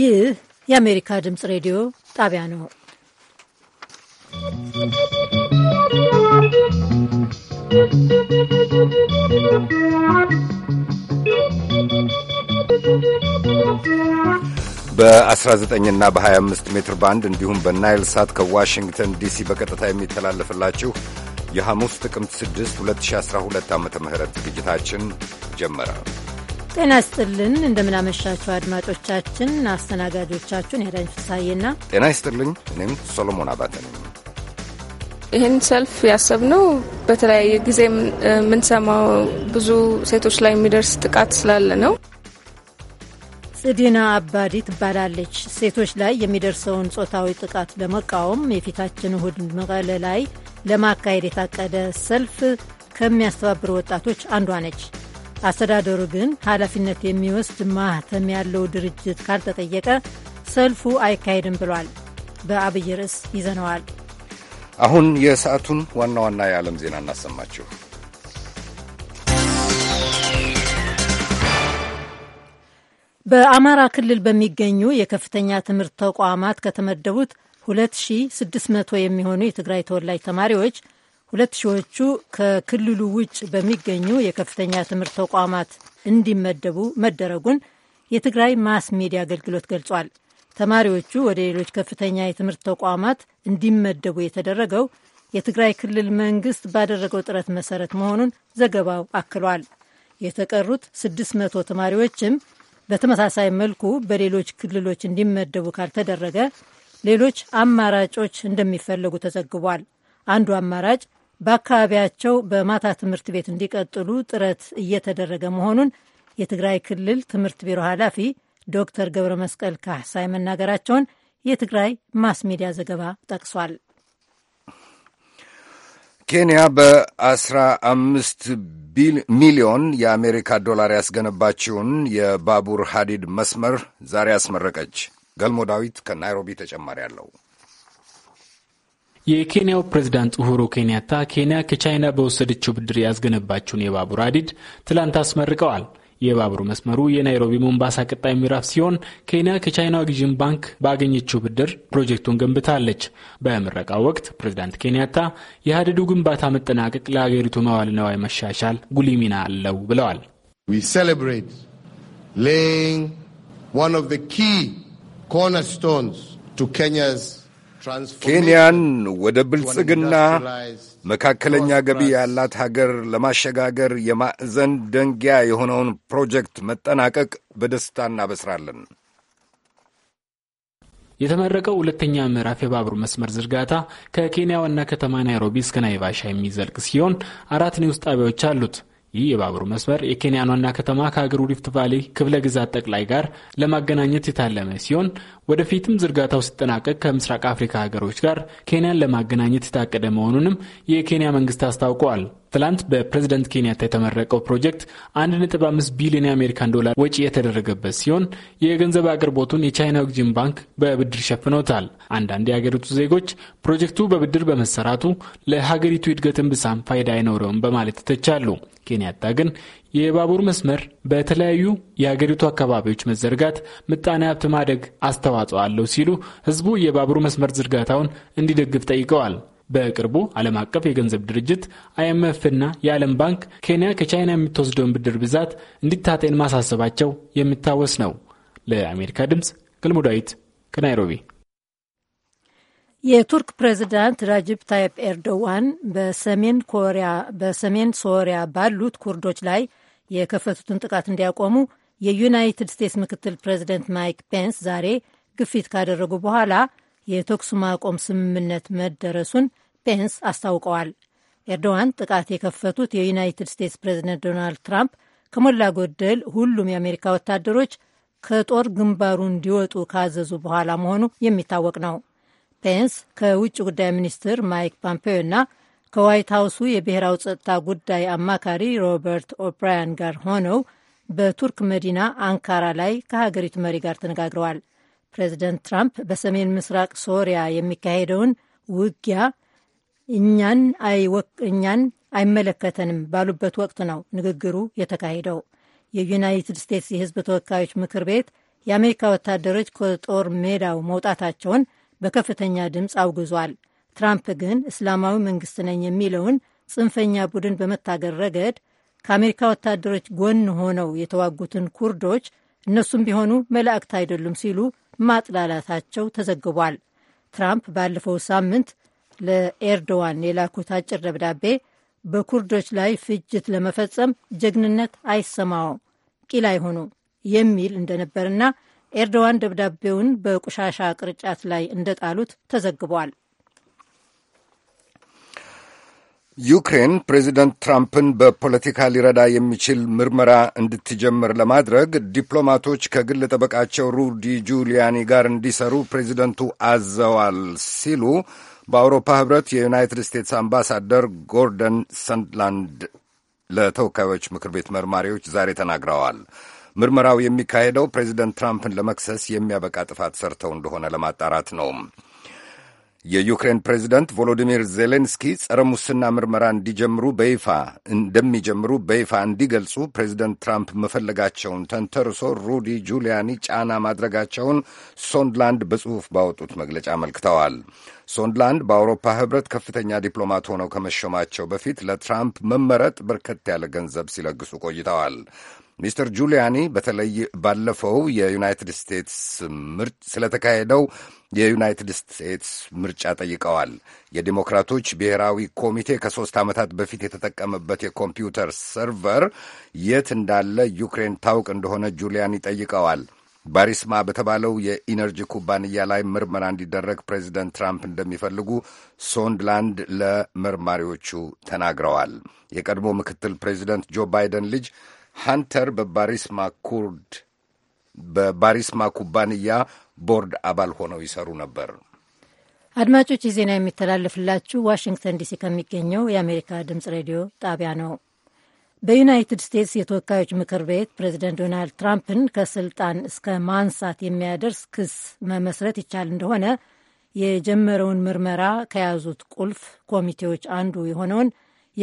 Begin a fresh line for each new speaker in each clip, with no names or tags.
ይህ የአሜሪካ ድምፅ ሬዲዮ ጣቢያ ነው።
በ19 እና በ25 ሜትር ባንድ እንዲሁም በናይል ሳት ከዋሽንግተን ዲሲ በቀጥታ የሚተላለፍላችሁ የሐሙስ ጥቅምት 6 2012 ዓ ም ዝግጅታችን ጀመረ።
ጤና ይስጥልን እንደምናመሻችሁ አድማጮቻችን። አስተናጋጆቻችሁን ሄዳኝ ፍሳዬና
ጤና ይስጥልኝ። እኔም ሶሎሞን አባተ ነኝ።
ይህን ሰልፍ ያሰብነው በተለያየ ጊዜ የምንሰማው ብዙ ሴቶች ላይ የሚደርስ ጥቃት ስላለ ነው።
ጽዲና አባዲ ትባላለች። ሴቶች ላይ የሚደርሰውን ጾታዊ ጥቃት ለመቃወም የፊታችን እሁድ መቀለ ላይ ለማካሄድ የታቀደ ሰልፍ ከሚያስተባብሩ ወጣቶች አንዷ ነች። አስተዳደሩ ግን ኃላፊነት የሚወስድ ማህተም ያለው ድርጅት ካልተጠየቀ ሰልፉ አይካሄድም ብሏል። በአብይ ርዕስ ይዘነዋል።
አሁን የሰዓቱን ዋና ዋና የዓለም ዜና እናሰማችሁ።
በአማራ ክልል በሚገኙ የከፍተኛ ትምህርት ተቋማት ከተመደቡት 2600 የሚሆኑ የትግራይ ተወላጅ ተማሪዎች ሁለት ሺዎቹ ከክልሉ ውጭ በሚገኙ የከፍተኛ ትምህርት ተቋማት እንዲመደቡ መደረጉን የትግራይ ማስ ሚዲያ አገልግሎት ገልጿል። ተማሪዎቹ ወደ ሌሎች ከፍተኛ የትምህርት ተቋማት እንዲመደቡ የተደረገው የትግራይ ክልል መንግስት ባደረገው ጥረት መሰረት መሆኑን ዘገባው አክሏል። የተቀሩት 600 ተማሪዎችም በተመሳሳይ መልኩ በሌሎች ክልሎች እንዲመደቡ ካልተደረገ ሌሎች አማራጮች እንደሚፈለጉ ተዘግቧል። አንዱ አማራጭ በአካባቢያቸው በማታ ትምህርት ቤት እንዲቀጥሉ ጥረት እየተደረገ መሆኑን የትግራይ ክልል ትምህርት ቢሮ ኃላፊ ዶክተር ገብረ መስቀል ካህሳይ መናገራቸውን የትግራይ ማስ ሚዲያ ዘገባ ጠቅሷል።
ኬንያ በአስራ አምስት ሚሊዮን የአሜሪካ ዶላር ያስገነባችውን የባቡር ሐዲድ መስመር ዛሬ አስመረቀች። ገልሞ ዳዊት ከናይሮቢ ተጨማሪ አለው።
የኬንያው ፕሬዝዳንት ኡሁሩ ኬንያታ ኬንያ ከቻይና በወሰደችው ብድር ያስገነባችውን የባቡር ሀዲድ ትላንት አስመርቀዋል። የባቡር መስመሩ የናይሮቢ ሞምባሳ ቀጣይ ምዕራፍ ሲሆን ኬንያ ከቻይናው ግዥን ባንክ ባገኘችው ብድር ፕሮጀክቱን ገንብታለች። በምረቃው ወቅት ፕሬዝዳንት ኬንያታ የሀዲዱ ግንባታ መጠናቀቅ ለሀገሪቱ መዋለ ንዋይ መሻሻል ጉልህ ሚና አለው
ብለዋል። ሌይንግ ዋን ኦፍ ዘ ኪ ኮርነርስቶንስ ቱ ኬንያስ ኬንያን ወደ ብልጽግና መካከለኛ ገቢ ያላት ሀገር ለማሸጋገር የማዕዘን ደንጊያ የሆነውን ፕሮጀክት መጠናቀቅ በደስታ እናበስራለን።
የተመረቀው ሁለተኛ ምዕራፍ የባቡር መስመር ዝርጋታ ከኬንያ ዋና ከተማ ናይሮቢ እስከ ናይቫሻ የሚዘልቅ ሲሆን አራት ኒውስ ጣቢያዎች አሉት። ይህ የባቡር መስመር የኬንያን ዋና ከተማ ከሀገሩ ሪፍት ቫሌ ክፍለ ግዛት ጠቅላይ ጋር ለማገናኘት የታለመ ሲሆን ወደፊትም ዝርጋታው ሲጠናቀቅ ከምስራቅ አፍሪካ ሀገሮች ጋር ኬንያን ለማገናኘት የታቀደ መሆኑንም የኬንያ መንግስት አስታውቀዋል። ትላንት በፕሬዝደንት ኬንያታ የተመረቀው ፕሮጀክት 1.5 ቢሊዮን የአሜሪካን ዶላር ወጪ የተደረገበት ሲሆን የገንዘብ አቅርቦቱን የቻይና ኤግዚም ባንክ በብድር ሸፍኖታል። አንዳንድ የሀገሪቱ ዜጎች ፕሮጀክቱ በብድር በመሰራቱ ለሀገሪቱ እድገት ብሳም ፋይዳ አይኖረውም በማለት ይተቻሉ። ኬንያታ ግን የባቡር መስመር በተለያዩ የአገሪቱ አካባቢዎች መዘርጋት ምጣኔ ሀብት ማደግ አስተዋጽኦ አለው ሲሉ ህዝቡ የባቡር መስመር ዝርጋታውን እንዲደግፍ ጠይቀዋል። በቅርቡ ዓለም አቀፍ የገንዘብ ድርጅት አይኤምኤፍ እና የዓለም ባንክ ኬንያ ከቻይና የምትወስደውን ብድር ብዛት እንዲታጤን ማሳሰባቸው የሚታወስ ነው። ለአሜሪካ ድምፅ ገልሞ ዳዊት ከናይሮቢ።
የቱርክ ፕሬዚዳንት ራጅብ ታይፕ ኤርዶዋን በሰሜን ኮሪያ በሰሜን ሶሪያ ባሉት ኩርዶች ላይ የከፈቱትን ጥቃት እንዲያቆሙ የዩናይትድ ስቴትስ ምክትል ፕሬዚደንት ማይክ ፔንስ ዛሬ ግፊት ካደረጉ በኋላ የተኩስ ማቆም ስምምነት መደረሱን ፔንስ አስታውቀዋል። ኤርዶዋን ጥቃት የከፈቱት የዩናይትድ ስቴትስ ፕሬዚደንት ዶናልድ ትራምፕ ከሞላ ጎደል ሁሉም የአሜሪካ ወታደሮች ከጦር ግንባሩ እንዲወጡ ካዘዙ በኋላ መሆኑ የሚታወቅ ነው። ፔንስ ከውጭ ጉዳይ ሚኒስትር ማይክ ፖምፔዮ እና ከዋይት ሀውሱ የብሔራዊ ጸጥታ ጉዳይ አማካሪ ሮበርት ኦብራያን ጋር ሆነው በቱርክ መዲና አንካራ ላይ ከሀገሪቱ መሪ ጋር ተነጋግረዋል። ፕሬዚደንት ትራምፕ በሰሜን ምስራቅ ሶሪያ የሚካሄደውን ውጊያ እኛን አይመለከተንም ባሉበት ወቅት ነው ንግግሩ የተካሄደው። የዩናይትድ ስቴትስ የሕዝብ ተወካዮች ምክር ቤት የአሜሪካ ወታደሮች ከጦር ሜዳው መውጣታቸውን በከፍተኛ ድምፅ አውግዟል። ትራምፕ ግን እስላማዊ መንግስት ነኝ የሚለውን ጽንፈኛ ቡድን በመታገር ረገድ ከአሜሪካ ወታደሮች ጎን ሆነው የተዋጉትን ኩርዶች እነሱም ቢሆኑ መላእክት አይደሉም ሲሉ ማጥላላታቸው ተዘግቧል። ትራምፕ ባለፈው ሳምንት ለኤርዶዋን የላኩት አጭር ደብዳቤ በኩርዶች ላይ ፍጅት ለመፈጸም ጀግንነት አይሰማው ቂል አይሆኑ የሚል እንደነበርና ኤርዶዋን ደብዳቤውን በቆሻሻ ቅርጫት ላይ እንደጣሉት ተዘግቧል።
ዩክሬን ፕሬዚደንት ትራምፕን በፖለቲካ ሊረዳ የሚችል ምርመራ እንድትጀምር ለማድረግ ዲፕሎማቶች ከግል ጠበቃቸው ሩዲ ጁሊያኒ ጋር እንዲሰሩ ፕሬዚደንቱ አዘዋል ሲሉ በአውሮፓ ህብረት የዩናይትድ ስቴትስ አምባሳደር ጎርደን ሰንድላንድ ለተወካዮች ምክር ቤት መርማሪዎች ዛሬ ተናግረዋል። ምርመራው የሚካሄደው ፕሬዚደንት ትራምፕን ለመክሰስ የሚያበቃ ጥፋት ሰርተው እንደሆነ ለማጣራት ነው። የዩክሬን ፕሬዚደንት ቮሎዲሚር ዜሌንስኪ ጸረ ሙስና ምርመራ እንዲጀምሩ በይፋ እንደሚጀምሩ በይፋ እንዲገልጹ ፕሬዚደንት ትራምፕ መፈለጋቸውን ተንተርሶ ሩዲ ጁሊያኒ ጫና ማድረጋቸውን ሶንድላንድ በጽሑፍ ባወጡት መግለጫ አመልክተዋል። ሶንድላንድ በአውሮፓ ሕብረት ከፍተኛ ዲፕሎማት ሆነው ከመሾማቸው በፊት ለትራምፕ መመረጥ በርከት ያለ ገንዘብ ሲለግሱ ቆይተዋል። ሚስተር ጁሊያኒ በተለይ ባለፈው የዩናይትድ ስቴትስ ምርጫ ስለተካሄደው የዩናይትድ ስቴትስ ምርጫ ጠይቀዋል። የዲሞክራቶች ብሔራዊ ኮሚቴ ከሦስት ዓመታት በፊት የተጠቀመበት የኮምፒውተር ሰርቨር የት እንዳለ ዩክሬን ታውቅ እንደሆነ ጁሊያን ይጠይቀዋል። ባሪስማ በተባለው የኢነርጂ ኩባንያ ላይ ምርመራ እንዲደረግ ፕሬዚደንት ትራምፕ እንደሚፈልጉ ሶንድላንድ ለመርማሪዎቹ ተናግረዋል። የቀድሞ ምክትል ፕሬዚደንት ጆ ባይደን ልጅ ሃንተር በባሪስማ ኩርድ በባሪስማ ኩባንያ ቦርድ አባል ሆነው ይሰሩ ነበር።
አድማጮች፣ ዜና የሚተላለፍላችሁ ዋሽንግተን ዲሲ ከሚገኘው የአሜሪካ ድምፅ ሬዲዮ ጣቢያ ነው። በዩናይትድ ስቴትስ የተወካዮች ምክር ቤት ፕሬዚደንት ዶናልድ ትራምፕን ከስልጣን እስከ ማንሳት የሚያደርስ ክስ መመስረት ይቻል እንደሆነ የጀመረውን ምርመራ ከያዙት ቁልፍ ኮሚቴዎች አንዱ የሆነውን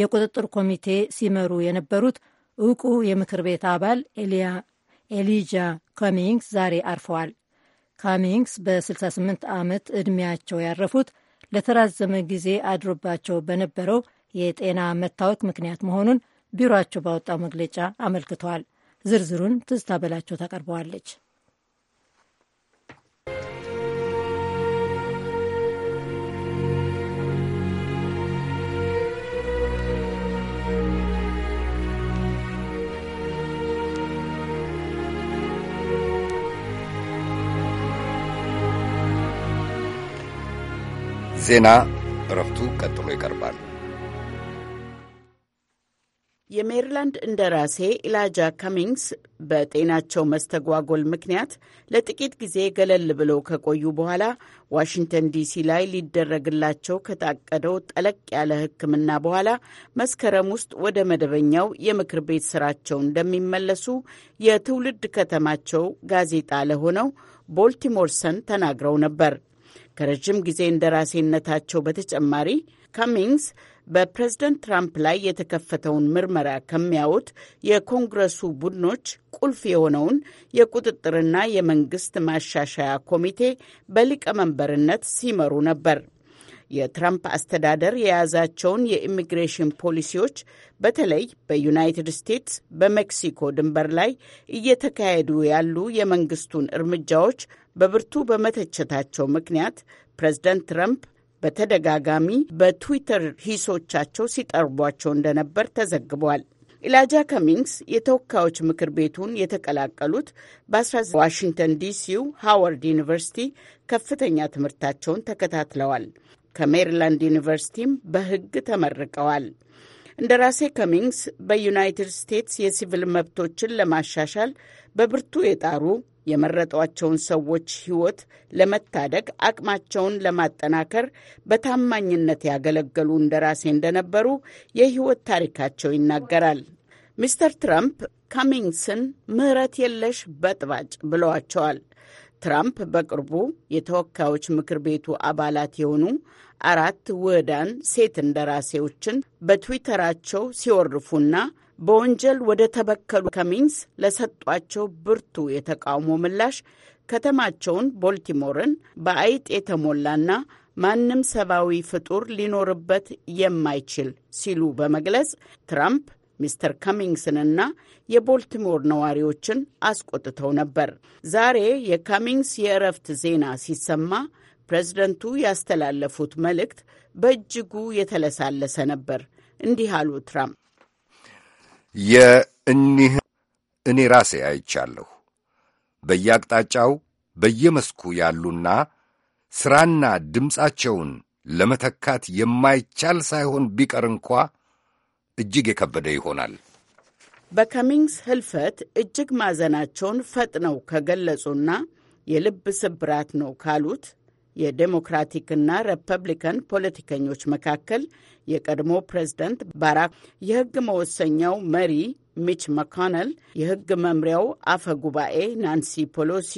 የቁጥጥር ኮሚቴ ሲመሩ የነበሩት እውቁ የምክር ቤት አባል ኤልያ ኤሊጃ ካሚንግስ ዛሬ አርፈዋል። ካሚንግስ በ68 ዓመት ዕድሜያቸው ያረፉት ለተራዘመ ጊዜ አድሮባቸው በነበረው የጤና መታወክ ምክንያት መሆኑን ቢሮቸው ባወጣው መግለጫ አመልክቷል። ዝርዝሩን ትዝታ በላቸው ታቀርበዋለች።
ዜና እረፍቱ ቀጥሎ ይቀርባል።
የሜሪላንድ እንደራሴ ኢላጃ ካሚንግስ በጤናቸው መስተጓጎል ምክንያት ለጥቂት ጊዜ ገለል ብለው ከቆዩ በኋላ ዋሽንግተን ዲሲ ላይ ሊደረግላቸው ከታቀደው ጠለቅ ያለ ሕክምና በኋላ መስከረም ውስጥ ወደ መደበኛው የምክር ቤት ስራቸው እንደሚመለሱ የትውልድ ከተማቸው ጋዜጣ ለሆነው ቦልቲሞር ሰን ተናግረው ነበር። ከረጅም ጊዜ እንደራሴነታቸው በተጨማሪ ካሚንግስ በፕሬዝደንት ትራምፕ ላይ የተከፈተውን ምርመራ ከሚያዩት የኮንግረሱ ቡድኖች ቁልፍ የሆነውን የቁጥጥርና የመንግስት ማሻሻያ ኮሚቴ በሊቀመንበርነት ሲመሩ ነበር። የትራምፕ አስተዳደር የያዛቸውን የኢሚግሬሽን ፖሊሲዎች በተለይ በዩናይትድ ስቴትስ በሜክሲኮ ድንበር ላይ እየተካሄዱ ያሉ የመንግስቱን እርምጃዎች በብርቱ በመተቸታቸው ምክንያት ፕሬዝደንት ትራምፕ በተደጋጋሚ በትዊተር ሂሶቻቸው ሲጠርቧቸው እንደነበር ተዘግቧል። ኢላጃ ከሚንግስ የተወካዮች ምክር ቤቱን የተቀላቀሉት በ1 ዋሽንግተን ዲሲው ሃዋርድ ዩኒቨርሲቲ ከፍተኛ ትምህርታቸውን ተከታትለዋል። ከሜሪላንድ ዩኒቨርሲቲም በሕግ ተመርቀዋል። እንደ ራሴ ከሚንግስ በዩናይትድ ስቴትስ የሲቪል መብቶችን ለማሻሻል በብርቱ የጣሩ የመረጧቸውን ሰዎች ሕይወት ለመታደግ አቅማቸውን ለማጠናከር በታማኝነት ያገለገሉ እንደራሴ እንደነበሩ የሕይወት ታሪካቸው ይናገራል። ሚስተር ትራምፕ ካሚንግስን ምህረት የለሽ በጥባጭ ብለዋቸዋል። ትራምፕ በቅርቡ የተወካዮች ምክር ቤቱ አባላት የሆኑ አራት ውህዳን ሴት እንደራሴዎችን በትዊተራቸው ሲወርፉና በወንጀል ወደ ተበከሉ ከሚንስ ለሰጧቸው ብርቱ የተቃውሞ ምላሽ ከተማቸውን ቦልቲሞርን በአይጥ የተሞላና ማንም ሰብአዊ ፍጡር ሊኖርበት የማይችል ሲሉ በመግለጽ ትራምፕ ሚስተር ካሚንግስንና የቦልቲሞር ነዋሪዎችን አስቆጥተው ነበር። ዛሬ የካሚንግስ የእረፍት ዜና ሲሰማ ፕሬዝደንቱ ያስተላለፉት መልእክት በእጅጉ የተለሳለሰ ነበር። እንዲህ አሉ ትራምፕ
የእኒህ እኔ ራሴ አይቻለሁ። በየአቅጣጫው በየመስኩ ያሉና ሥራና ድምፃቸውን ለመተካት የማይቻል ሳይሆን ቢቀር እንኳ እጅግ የከበደ ይሆናል።
በከሚንግስ ህልፈት እጅግ ማዘናቸውን ፈጥነው ከገለጹና የልብ ስብራት ነው ካሉት የዴሞክራቲክና ሪፐብሊካን ፖለቲከኞች መካከል የቀድሞ ፕሬዝደንት ባራክ የህግ መወሰኛው መሪ ሚች መካነል የህግ መምሪያው አፈ ጉባኤ ናንሲ ፖሎሲ፣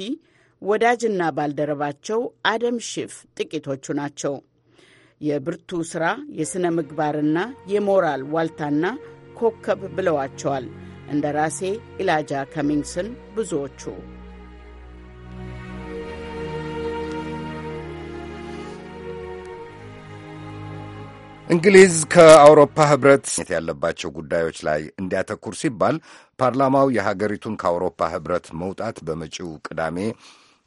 ወዳጅና ባልደረባቸው አደም ሺፍ ጥቂቶቹ ናቸው። የብርቱ ሥራ የሥነ ምግባርና የሞራል ዋልታና ኮከብ ብለዋቸዋል እንደ ራሴ ኢላጃ ከሚንግስን ብዙዎቹ።
እንግሊዝ ከአውሮፓ ህብረት ያለባቸው ጉዳዮች ላይ እንዲያተኩር ሲባል ፓርላማው የሀገሪቱን ከአውሮፓ ህብረት መውጣት በመጪው ቅዳሜ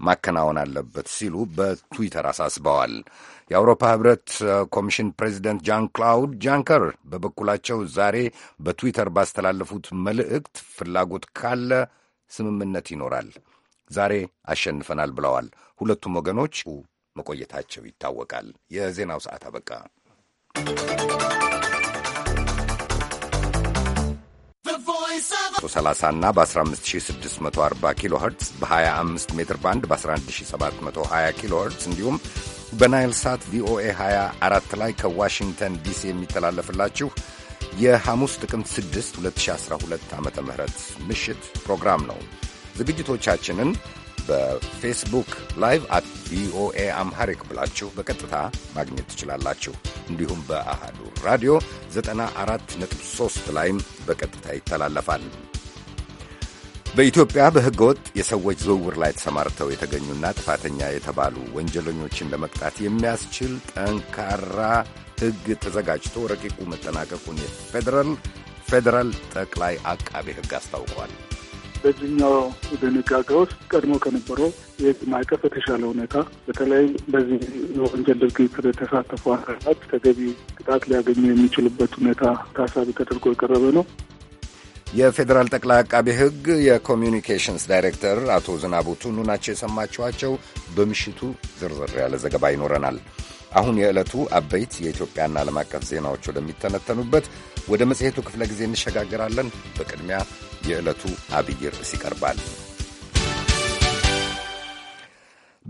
ማከናወን አለበት ሲሉ በትዊተር አሳስበዋል። የአውሮፓ ህብረት ኮሚሽን ፕሬዚደንት ጃን ክላውድ ጃንከር በበኩላቸው ዛሬ በትዊተር ባስተላለፉት መልእክት ፍላጎት ካለ ስምምነት ይኖራል፣ ዛሬ አሸንፈናል ብለዋል። ሁለቱም ወገኖች መቆየታቸው ይታወቃል። የዜናው ሰዓት አበቃ። በ30 በ15640 ኪሎ ኸርትዝ በ25 ሜትር ባንድ በ11720 ኪሎ ኸርትዝ እንዲሁም በናይል ሳት ቪኦኤ 24 ላይ ከዋሽንግተን ዲሲ የሚተላለፍላችሁ የሐሙስ ጥቅምት 6 2012 ዓ ም ምሽት ፕሮግራም ነው። ዝግጅቶቻችንን በፌስቡክ ላይቭ አት ቪኦኤ አምሃሪክ ብላችሁ በቀጥታ ማግኘት ትችላላችሁ። እንዲሁም በአሃዱ ራዲዮ 94.3 ላይም በቀጥታ ይተላለፋል። በኢትዮጵያ በሕገ ወጥ የሰዎች ዝውውር ላይ ተሰማርተው የተገኙና ጥፋተኛ የተባሉ ወንጀለኞችን ለመቅጣት የሚያስችል ጠንካራ ሕግ ተዘጋጅቶ ረቂቁ መጠናቀቁን የፌዴራል ፌዴራል ጠቅላይ አቃቤ ሕግ አስታውቋል።
በዚህኛው ድንጋጌ ውስጥ ቀድሞ ከነበረው የህግ ማዕቀፍ የተሻለ ሁኔታ በተለይ በዚህ የወንጀል ድርጊት የተሳተፉ አካላት ተገቢ ቅጣት ሊያገኙ የሚችሉበት ሁኔታ ታሳቢ ተደርጎ የቀረበ ነው።
የፌዴራል ጠቅላይ አቃቤ ህግ የኮሚዩኒኬሽንስ ዳይሬክተር አቶ ዝናቡ ቱኑ ናቸው የሰማችኋቸው። በምሽቱ ዝርዝር ያለ ዘገባ ይኖረናል። አሁን የዕለቱ አበይት የኢትዮጵያና ዓለም አቀፍ ዜናዎች ወደሚተነተኑበት ወደ መጽሔቱ ክፍለ ጊዜ እንሸጋግራለን። በቅድሚያ የዕለቱ አብይ ርዕስ ይቀርባል።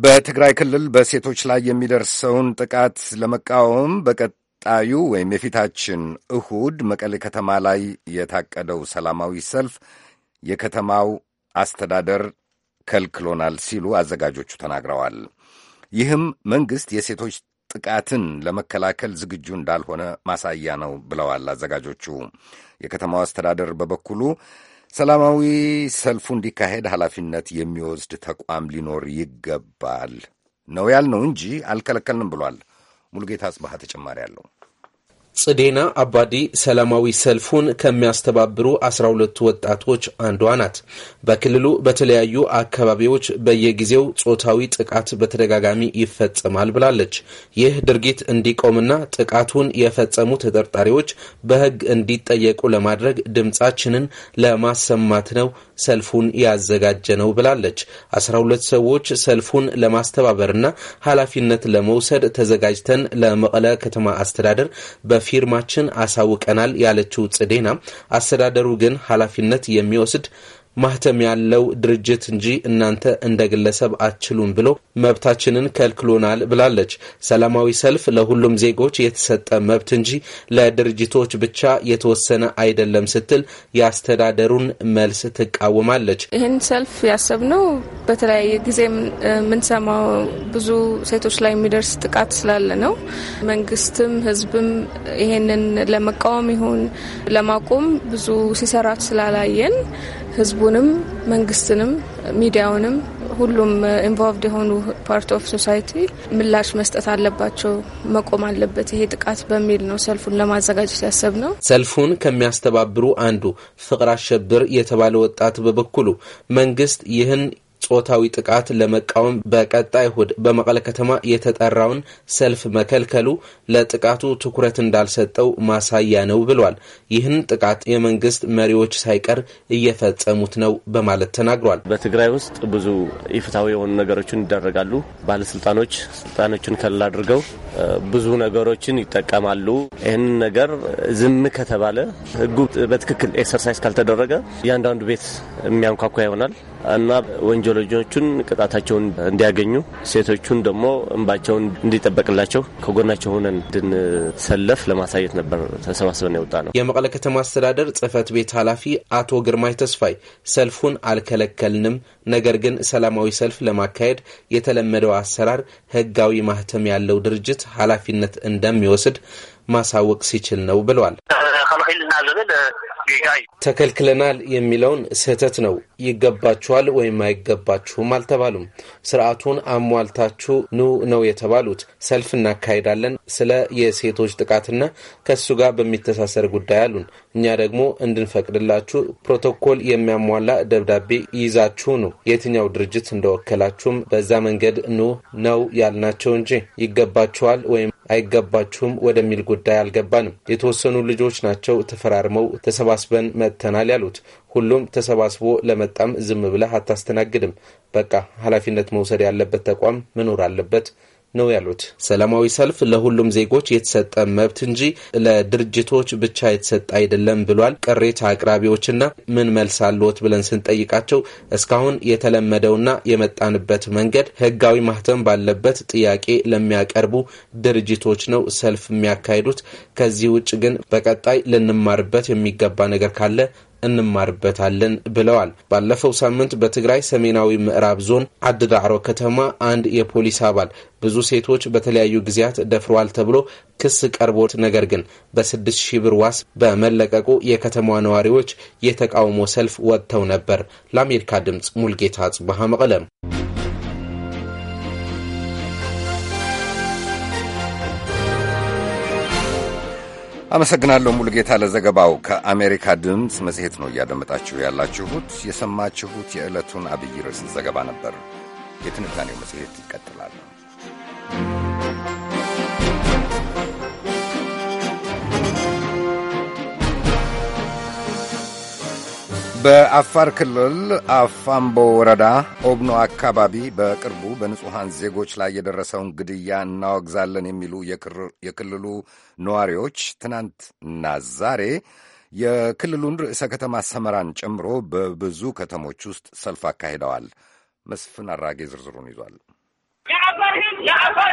በትግራይ ክልል በሴቶች ላይ የሚደርሰውን ጥቃት ለመቃወም በቀጣዩ ወይም የፊታችን እሁድ መቀሌ ከተማ ላይ የታቀደው ሰላማዊ ሰልፍ የከተማው አስተዳደር ከልክሎናል ሲሉ አዘጋጆቹ ተናግረዋል። ይህም መንግሥት የሴቶች ጥቃትን ለመከላከል ዝግጁ እንዳልሆነ ማሳያ ነው ብለዋል አዘጋጆቹ። የከተማው አስተዳደር በበኩሉ ሰላማዊ ሰልፉ እንዲካሄድ ኃላፊነት የሚወስድ ተቋም ሊኖር ይገባል ነው ያልነው እንጂ አልከለከልንም ብሏል። ሙሉጌታ አጽባሃ ተጨማሪ አለው።
ጽዴና አባዲ ሰላማዊ ሰልፉን ከሚያስተባብሩ 12 ወጣቶች አንዷ ናት። በክልሉ በተለያዩ አካባቢዎች በየጊዜው ጾታዊ ጥቃት በተደጋጋሚ ይፈጸማል ብላለች። ይህ ድርጊት እንዲቆምና ጥቃቱን የፈጸሙ ተጠርጣሪዎች በሕግ እንዲጠየቁ ለማድረግ ድምፃችንን ለማሰማት ነው ሰልፉን ያዘጋጀ ነው ብላለች። አስራ ሁለት ሰዎች ሰልፉን ለማስተባበርና ኃላፊነት ለመውሰድ ተዘጋጅተን ለመቀለ ከተማ አስተዳደር በፊርማችን አሳውቀናል ያለችው ጽዴና አስተዳደሩ ግን ኃላፊነት የሚወስድ ማህተም ያለው ድርጅት እንጂ እናንተ እንደ ግለሰብ አትችሉም ብሎ መብታችንን ከልክሎናል ብላለች። ሰላማዊ ሰልፍ ለሁሉም ዜጎች የተሰጠ መብት እንጂ ለድርጅቶች ብቻ የተወሰነ አይደለም ስትል የአስተዳደሩን መልስ ትቃወማለች።
ይህን ሰልፍ ያሰብነው በተለያየ ጊዜ የምንሰማው ብዙ ሴቶች ላይ የሚደርስ ጥቃት ስላለ ነው። መንግስትም ህዝብም ይሄንን ለመቃወም ይሁን ለማቆም ብዙ ሲሰራት ስላላየን ህዝቡንም፣ መንግስትንም፣ ሚዲያውንም ሁሉም ኢንቮልቭድ የሆኑ ፓርት ኦፍ ሶሳይቲ ምላሽ መስጠት አለባቸው፣ መቆም አለበት ይሄ ጥቃት በሚል ነው ሰልፉን ለማዘጋጀት ያሰብ ነው።
ሰልፉን ከሚያስተባብሩ አንዱ ፍቅር አሸብር የተባለ ወጣት በበኩሉ መንግስት ይህን ጾታዊ ጥቃት ለመቃወም በቀጣይ እሁድ በመቀለ ከተማ የተጠራውን ሰልፍ መከልከሉ ለጥቃቱ ትኩረት እንዳልሰጠው ማሳያ ነው ብሏል። ይህን ጥቃት የመንግስት መሪዎች ሳይቀር እየፈጸሙት ነው በማለት ተናግሯል። በትግራይ ውስጥ ብዙ ኢፍትሐዊ የሆኑ ነገሮችን ይደረጋሉ። ባለስልጣኖች ስልጣኖችን ከላ አድርገው ብዙ ነገሮችን ይጠቀማሉ።
ይህንን ነገር ዝም ከተባለ ህጉ በትክክል ኤክሰርሳይዝ ካልተደረገ እያንዳንዱ ቤት የሚያንኳኳ ይሆናል። እና ወንጀለኞቹን ቅጣታቸውን እንዲያገኙ፣ ሴቶቹን ደግሞ እንባቸውን እንዲጠበቅላቸው ከጎናቸው ሆነን እንድንሰለፍ ለማሳየት
ነበር ተሰባስበን የወጣ ነው። የመቀለ ከተማ አስተዳደር ጽህፈት ቤት ኃላፊ አቶ ግርማይ ተስፋይ ሰልፉን አልከለከልንም፣ ነገር ግን ሰላማዊ ሰልፍ ለማካሄድ የተለመደው አሰራር ህጋዊ ማህተም ያለው ድርጅት ኃላፊነት እንደሚወስድ ማሳወቅ ሲችል ነው ብለዋል።
ከልክልና ዝብል
ተከልክለናል የሚለውን ስህተት ነው። ይገባችኋል ወይም አይገባችሁም አልተባሉም። ስርዓቱን አሟልታችሁ ኑ ነው የተባሉት። ሰልፍ እናካሄዳለን ስለ የሴቶች ጥቃትና ከሱ ጋር በሚተሳሰር ጉዳይ አሉን። እኛ ደግሞ እንድንፈቅድላችሁ ፕሮቶኮል የሚያሟላ ደብዳቤ ይዛችሁ ነው የትኛው ድርጅት እንደወከላችሁም በዛ መንገድ ኑ ነው ያልናቸው እንጂ ይገባችኋል ወይም አይገባችሁም ወደሚል ጉዳይ አልገባንም። የተወሰኑ ልጆች ናቸው ተፈራርመው ተሰባስበን መጥተናል ያሉት። ሁሉም ተሰባስቦ ለመጣም ዝም ብለህ አታስተናግድም። በቃ ኃላፊነት መውሰድ ያለበት ተቋም መኖር አለበት ነው ያሉት። ሰላማዊ ሰልፍ ለሁሉም ዜጎች የተሰጠ መብት እንጂ ለድርጅቶች ብቻ የተሰጠ አይደለም ብሏል። ቅሬታ አቅራቢዎችና ምን መልስ አለዎት ብለን ስንጠይቃቸው እስካሁን የተለመደውና የመጣንበት መንገድ ህጋዊ ማህተም ባለበት ጥያቄ ለሚያቀርቡ ድርጅቶች ነው ሰልፍ የሚያካሂዱት። ከዚህ ውጭ ግን በቀጣይ ልንማርበት የሚገባ ነገር ካለ እንማርበታለን ብለዋል። ባለፈው ሳምንት በትግራይ ሰሜናዊ ምዕራብ ዞን አድዳዕሮ ከተማ አንድ የፖሊስ አባል ብዙ ሴቶች በተለያዩ ጊዜያት ደፍረዋል ተብሎ ክስ ቀርቦት ነገር ግን በስድስት ሺህ ብር ዋስ በመለቀቁ የከተማዋ ነዋሪዎች የተቃውሞ ሰልፍ ወጥተው ነበር። ለአሜሪካ ድምፅ ሙልጌታ አጽብሃ መቀለም
አመሰግናለሁ ሙሉጌታ ለዘገባው። ከአሜሪካ ድምፅ መጽሔት ነው እያደመጣችሁ ያላችሁት። የሰማችሁት የዕለቱን አብይ ርዕስ ዘገባ ነበር። የትንታኔው መጽሔት ይቀጥላል። በአፋር ክልል አፋምቦ ወረዳ ኦብኖ አካባቢ በቅርቡ በንጹሐን ዜጎች ላይ የደረሰውን ግድያ እናወግዛለን የሚሉ የክልሉ ነዋሪዎች ትናንትና ዛሬ የክልሉን ርዕሰ ከተማ ሰመራን ጨምሮ በብዙ ከተሞች ውስጥ ሰልፍ አካሂደዋል። መስፍን አራጌ ዝርዝሩን ይዟል።
የአፋር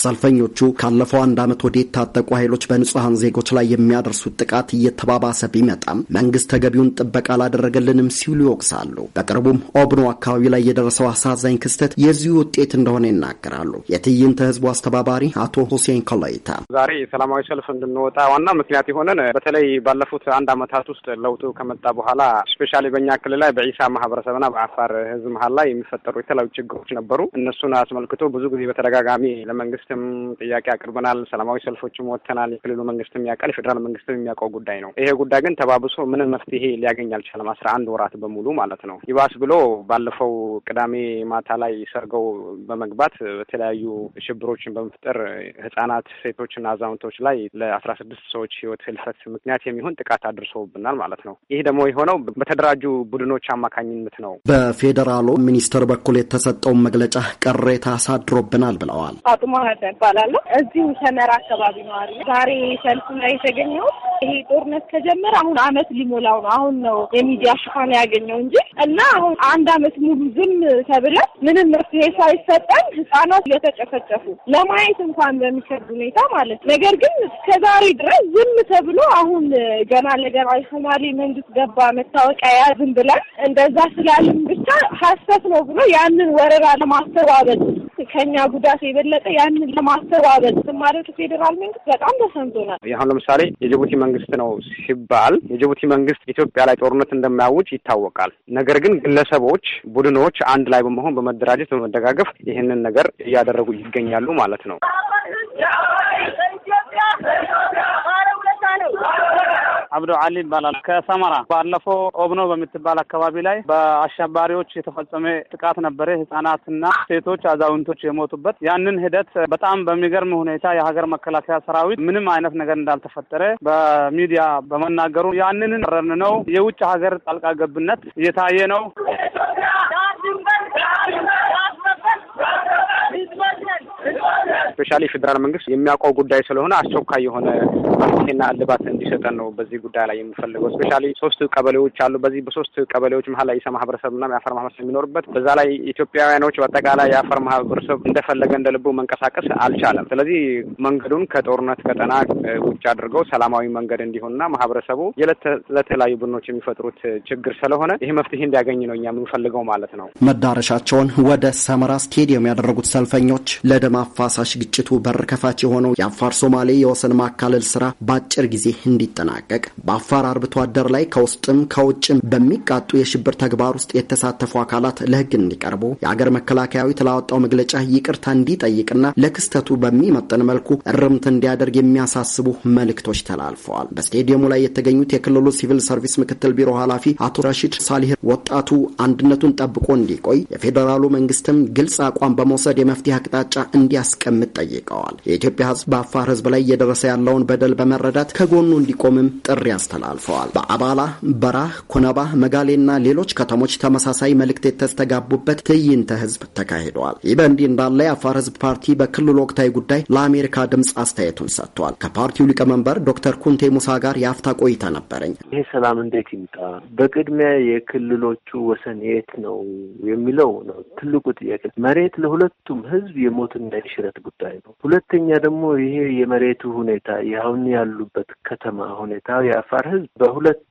ሰልፈኞቹ ካለፈው አንድ ዓመት ወዲህ የታጠቁ ኃይሎች በንጹሐን ዜጎች ላይ የሚያደርሱት ጥቃት እየተባባሰ ቢመጣም መንግስት ተገቢውን ጥበቃ አላደረገልንም ሲሉ ይወቅሳሉ። በቅርቡም ኦብኖ አካባቢ ላይ የደረሰው አሳዛኝ ክስተት የዚሁ ውጤት እንደሆነ ይናገራሉ። የትዕይንተ ህዝቡ አስተባባሪ አቶ ሁሴን ኮሎይታ
ዛሬ ሰላማዊ ሰልፍ እንድንወጣ ዋና ምክንያት የሆነን በተለይ ባለፉት አንድ ዓመታት ውስጥ ለውጡ ከመጣ በኋላ ስፔሻሊ በእኛ ክልል ላይ በኢሳ ማህበረሰብና በአፋር ህዝብ መሀል ላይ የሚፈጠሩ የተለያዩ ችግሮች ነበሩ። እነሱን አስመልክቶ ብዙ ጊዜ በተደጋጋሚ ለመንግስትም ጥያቄ አቅርበናል። ሰላማዊ ሰልፎችም ወጥተናል። የክልሉ መንግስትም ያውቃል፣ የፌዴራል መንግስትም የሚያውቀው ጉዳይ ነው። ይሄ ጉዳይ ግን ተባብሶ ምንም መፍትሄ ሊያገኝ አልቻለም። አስራ አንድ ወራት በሙሉ ማለት ነው። ይባስ ብሎ ባለፈው ቅዳሜ ማታ ላይ ሰርገው በመግባት በተለያዩ ሽብሮችን በመፍጠር ህጻናት፣ ሴቶችና አዛውንቶች ላይ ለአስራ ስድስት ሰዎች ህይወት ህልፈት ምክንያት የሚሆን ጥቃት አድርሰውብናል ማለት ነው። ይህ ደግሞ የሆነው በተደራጁ ቡድኖች አማካኝነት ነው።
በፌዴራሉ ሚኒስትር በኩል የተሰጠውን መግለጫ ቅሬታ አሳድሮብናል ተገኝተናል ብለዋል።
ፋጡማ እባላለሁ። እዚሁ ሰመራ አካባቢ ነዋሪ። ዛሬ ሰልፉ ላይ የተገኘው ይሄ ጦርነት ከጀመረ አሁን አመት ሊሞላው ነው። አሁን ነው የሚዲያ ሽፋን ያገኘው እንጂ እና አሁን አንድ አመት ሙሉ ዝም ተብለን ምንም መፍትሄ ሳይሰጠን ህጻናት እየተጨፈጨፉ ለማየት እንኳን በሚከብድ ሁኔታ ማለት ነው። ነገር ግን ከዛሬ ድረስ ዝም ተብሎ አሁን ገና ለገና የሶማሌ መንግስት ገባ መታወቂያ ያዝን ብለን እንደዛ ስላልን ብቻ ሀሰት ነው ብሎ ያንን ወረራ ለማስተባበል ከኛ ጉዳት የበለጠ ያንን ለማስተባበል ስማደቱ ፌዴራል መንግስት በጣም ተሰምቶናል።
አሁን ለምሳሌ የጅቡቲ መንግስት ነው ሲባል የጅቡቲ መንግስት ኢትዮጵያ ላይ ጦርነት እንደማያውጅ ይታወቃል። ነገር ግን ግለሰቦች፣ ቡድኖች አንድ ላይ በመሆን በመደራጀት በመደጋገፍ ይህንን ነገር እያደረጉ ይገኛሉ ማለት ነው። አብዶ አሊ ይባላል። ከሰመራ ባለፈው ኦብኖ በምትባል አካባቢ ላይ በአሸባሪዎች የተፈጸመ ጥቃት ነበረ። ህጻናትና ሴቶች፣ አዛውንቶች የሞቱበት ያንን ሂደት በጣም በሚገርም ሁኔታ የሀገር መከላከያ ሰራዊት ምንም አይነት ነገር እንዳልተፈጠረ በሚዲያ በመናገሩ ያንንን ረን ነው የውጭ ሀገር ጣልቃ ገብነት እየታየ ነው። ስፔሻሊ ፌዴራል መንግስት የሚያውቀው ጉዳይ ስለሆነ አስቸኳይ የሆነ መፍትሄና እልባት እንዲሰጠን ነው በዚህ ጉዳይ ላይ የምፈልገው። ስፔሻሊ ሶስት ቀበሌዎች አሉ። በዚህ በሶስት ቀበሌዎች መሀል የኢሳ ማህበረሰብ እና የአፈር ማህበረሰብ የሚኖርበት በዛ ላይ ኢትዮጵያውያኖች በአጠቃላይ የአፈር ማህበረሰብ እንደፈለገ እንደ ልቡ መንቀሳቀስ አልቻለም። ስለዚህ መንገዱን ከጦርነት ቀጠና ውጭ አድርገው ሰላማዊ መንገድ እንዲሆንና ማህበረሰቡ የዕለት ለተለያዩ ቡድኖች የሚፈጥሩት ችግር ስለሆነ ይህ መፍትሄ እንዲያገኝ ነው እኛ የምንፈልገው ማለት ነው።
መዳረሻቸውን ወደ ሰመራ ስቴዲየም ያደረጉት ሰልፈኞች ለደማ አፋሳሽ ግጭቱ በር ከፋች የሆነው የአፋር ሶማሌ የወሰን ማካለል ስራ በአጭር ጊዜ እንዲጠናቀቅ በአፋር አርብቶ አደር ላይ ከውስጥም ከውጭም በሚቃጡ የሽብር ተግባር ውስጥ የተሳተፉ አካላት ለህግ እንዲቀርቡ የአገር መከላከያዊ ላወጣው መግለጫ ይቅርታ እንዲጠይቅና ለክስተቱ በሚመጥን መልኩ እርምት እንዲያደርግ የሚያሳስቡ መልእክቶች ተላልፈዋል። በስቴዲየሙ ላይ የተገኙት የክልሉ ሲቪል ሰርቪስ ምክትል ቢሮ ኃላፊ አቶ ረሺድ ሳሊህ ወጣቱ አንድነቱን ጠብቆ እንዲቆይ የፌዴራሉ መንግስትም ግልጽ አቋም በመውሰድ የመፍትሄ አቅጣጫ እንዲያስቀምጥ ጠይቀዋል። የኢትዮጵያ ሕዝብ በአፋር ሕዝብ ላይ እየደረሰ ያለውን በደል በመረዳት ከጎኑ እንዲቆምም ጥሪ አስተላልፈዋል። በአባላ፣ በራህ፣ ኮነባ፣ መጋሌና ሌሎች ከተሞች ተመሳሳይ መልእክት የተስተጋቡበት ትዕይንተ ሕዝብ ተካሂደዋል። ይህ በእንዲህ እንዳለ የአፋር ሕዝብ ፓርቲ በክልሉ ወቅታዊ ጉዳይ ለአሜሪካ ድምፅ አስተያየቱን ሰጥቷል። ከፓርቲው ሊቀመንበር ዶክተር ኩንቴ ሙሳ ጋር የአፍታ ቆይታ ነበረኝ። ይህ
ሰላም እንዴት ይምጣ? በቅድሚያ የክልሎቹ ወሰን የት ነው የሚለው ነው ትልቁ ጥያቄ። መሬት ለሁለቱም ሕዝብ የሞትን እና የሽረት ጉዳይ ነው። ሁለተኛ ደግሞ ይሄ የመሬቱ ሁኔታ የአሁን ያሉበት ከተማ ሁኔታ የአፋር ህዝብ በሁለት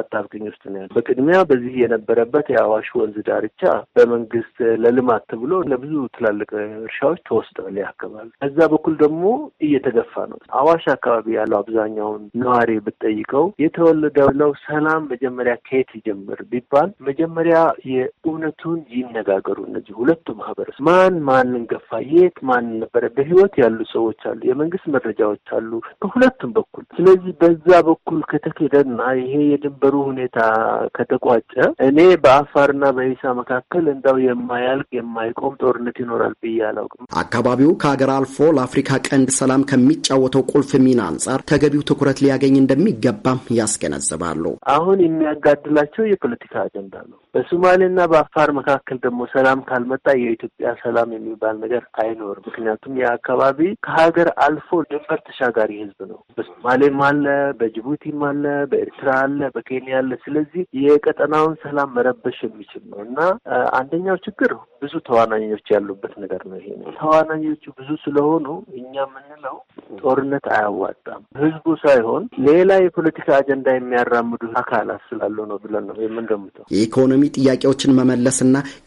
አጣብቅኝ ውስጥ ነው ያለው። በቅድሚያ በዚህ የነበረበት የአዋሽ ወንዝ ዳርቻ በመንግስት ለልማት ተብሎ ለብዙ ትላልቅ እርሻዎች ተወስደዋል። ያከባል ከዛ በኩል ደግሞ እየተገፋ ነው። አዋሽ አካባቢ ያለው አብዛኛውን ነዋሪ ብትጠይቀው የተወለደው ሰላም መጀመሪያ ከየት ይጀምር ቢባል መጀመሪያ የእውነቱን ይነጋገሩ እነዚህ ሁለቱ ማህበረሰብ ማን ማንን ገፋ፣ የት ባለቤት ማን ነበረ? በህይወት ያሉ ሰዎች አሉ፣ የመንግስት መረጃዎች አሉ በሁለቱም በኩል። ስለዚህ በዛ በኩል ከተኬደና ይሄ የድንበሩ ሁኔታ ከተቋጨ እኔ በአፋርና በሂሳ መካከል እንዳው የማያልቅ የማይቆም ጦርነት ይኖራል ብዬ አላውቅም።
አካባቢው ከሀገር አልፎ ለአፍሪካ ቀንድ ሰላም ከሚጫወተው ቁልፍ ሚና አንጻር ተገቢው ትኩረት ሊያገኝ እንደሚገባም ያስገነዝባሉ።
አሁን የሚያጋድላቸው የፖለቲካ አጀንዳ ነው። በሶማሌና በአፋር መካከል ደግሞ ሰላም ካልመጣ የኢትዮጵያ ሰላም የሚባል ነገር አይኖ አይኖር። ምክንያቱም የአካባቢ አካባቢ ከሀገር አልፎ ድንበር ተሻጋሪ ህዝብ ነው። በሶማሌም አለ፣ በጅቡቲም አለ፣ በኤርትራ አለ፣ በኬንያ አለ። ስለዚህ የቀጠናውን ሰላም መረበሽ የሚችል ነው እና አንደኛው ችግር ብዙ ተዋናኞች ያሉበት ነገር ነው። ይሄ ተዋናኞቹ ብዙ ስለሆኑ እኛ የምንለው ጦርነት አያዋጣም ህዝቡ ሳይሆን ሌላ የፖለቲካ አጀንዳ የሚያራምዱ አካላት ስላሉ ነው ብለን ነው የምንገምተው።
የኢኮኖሚ ጥያቄዎችን መመለስና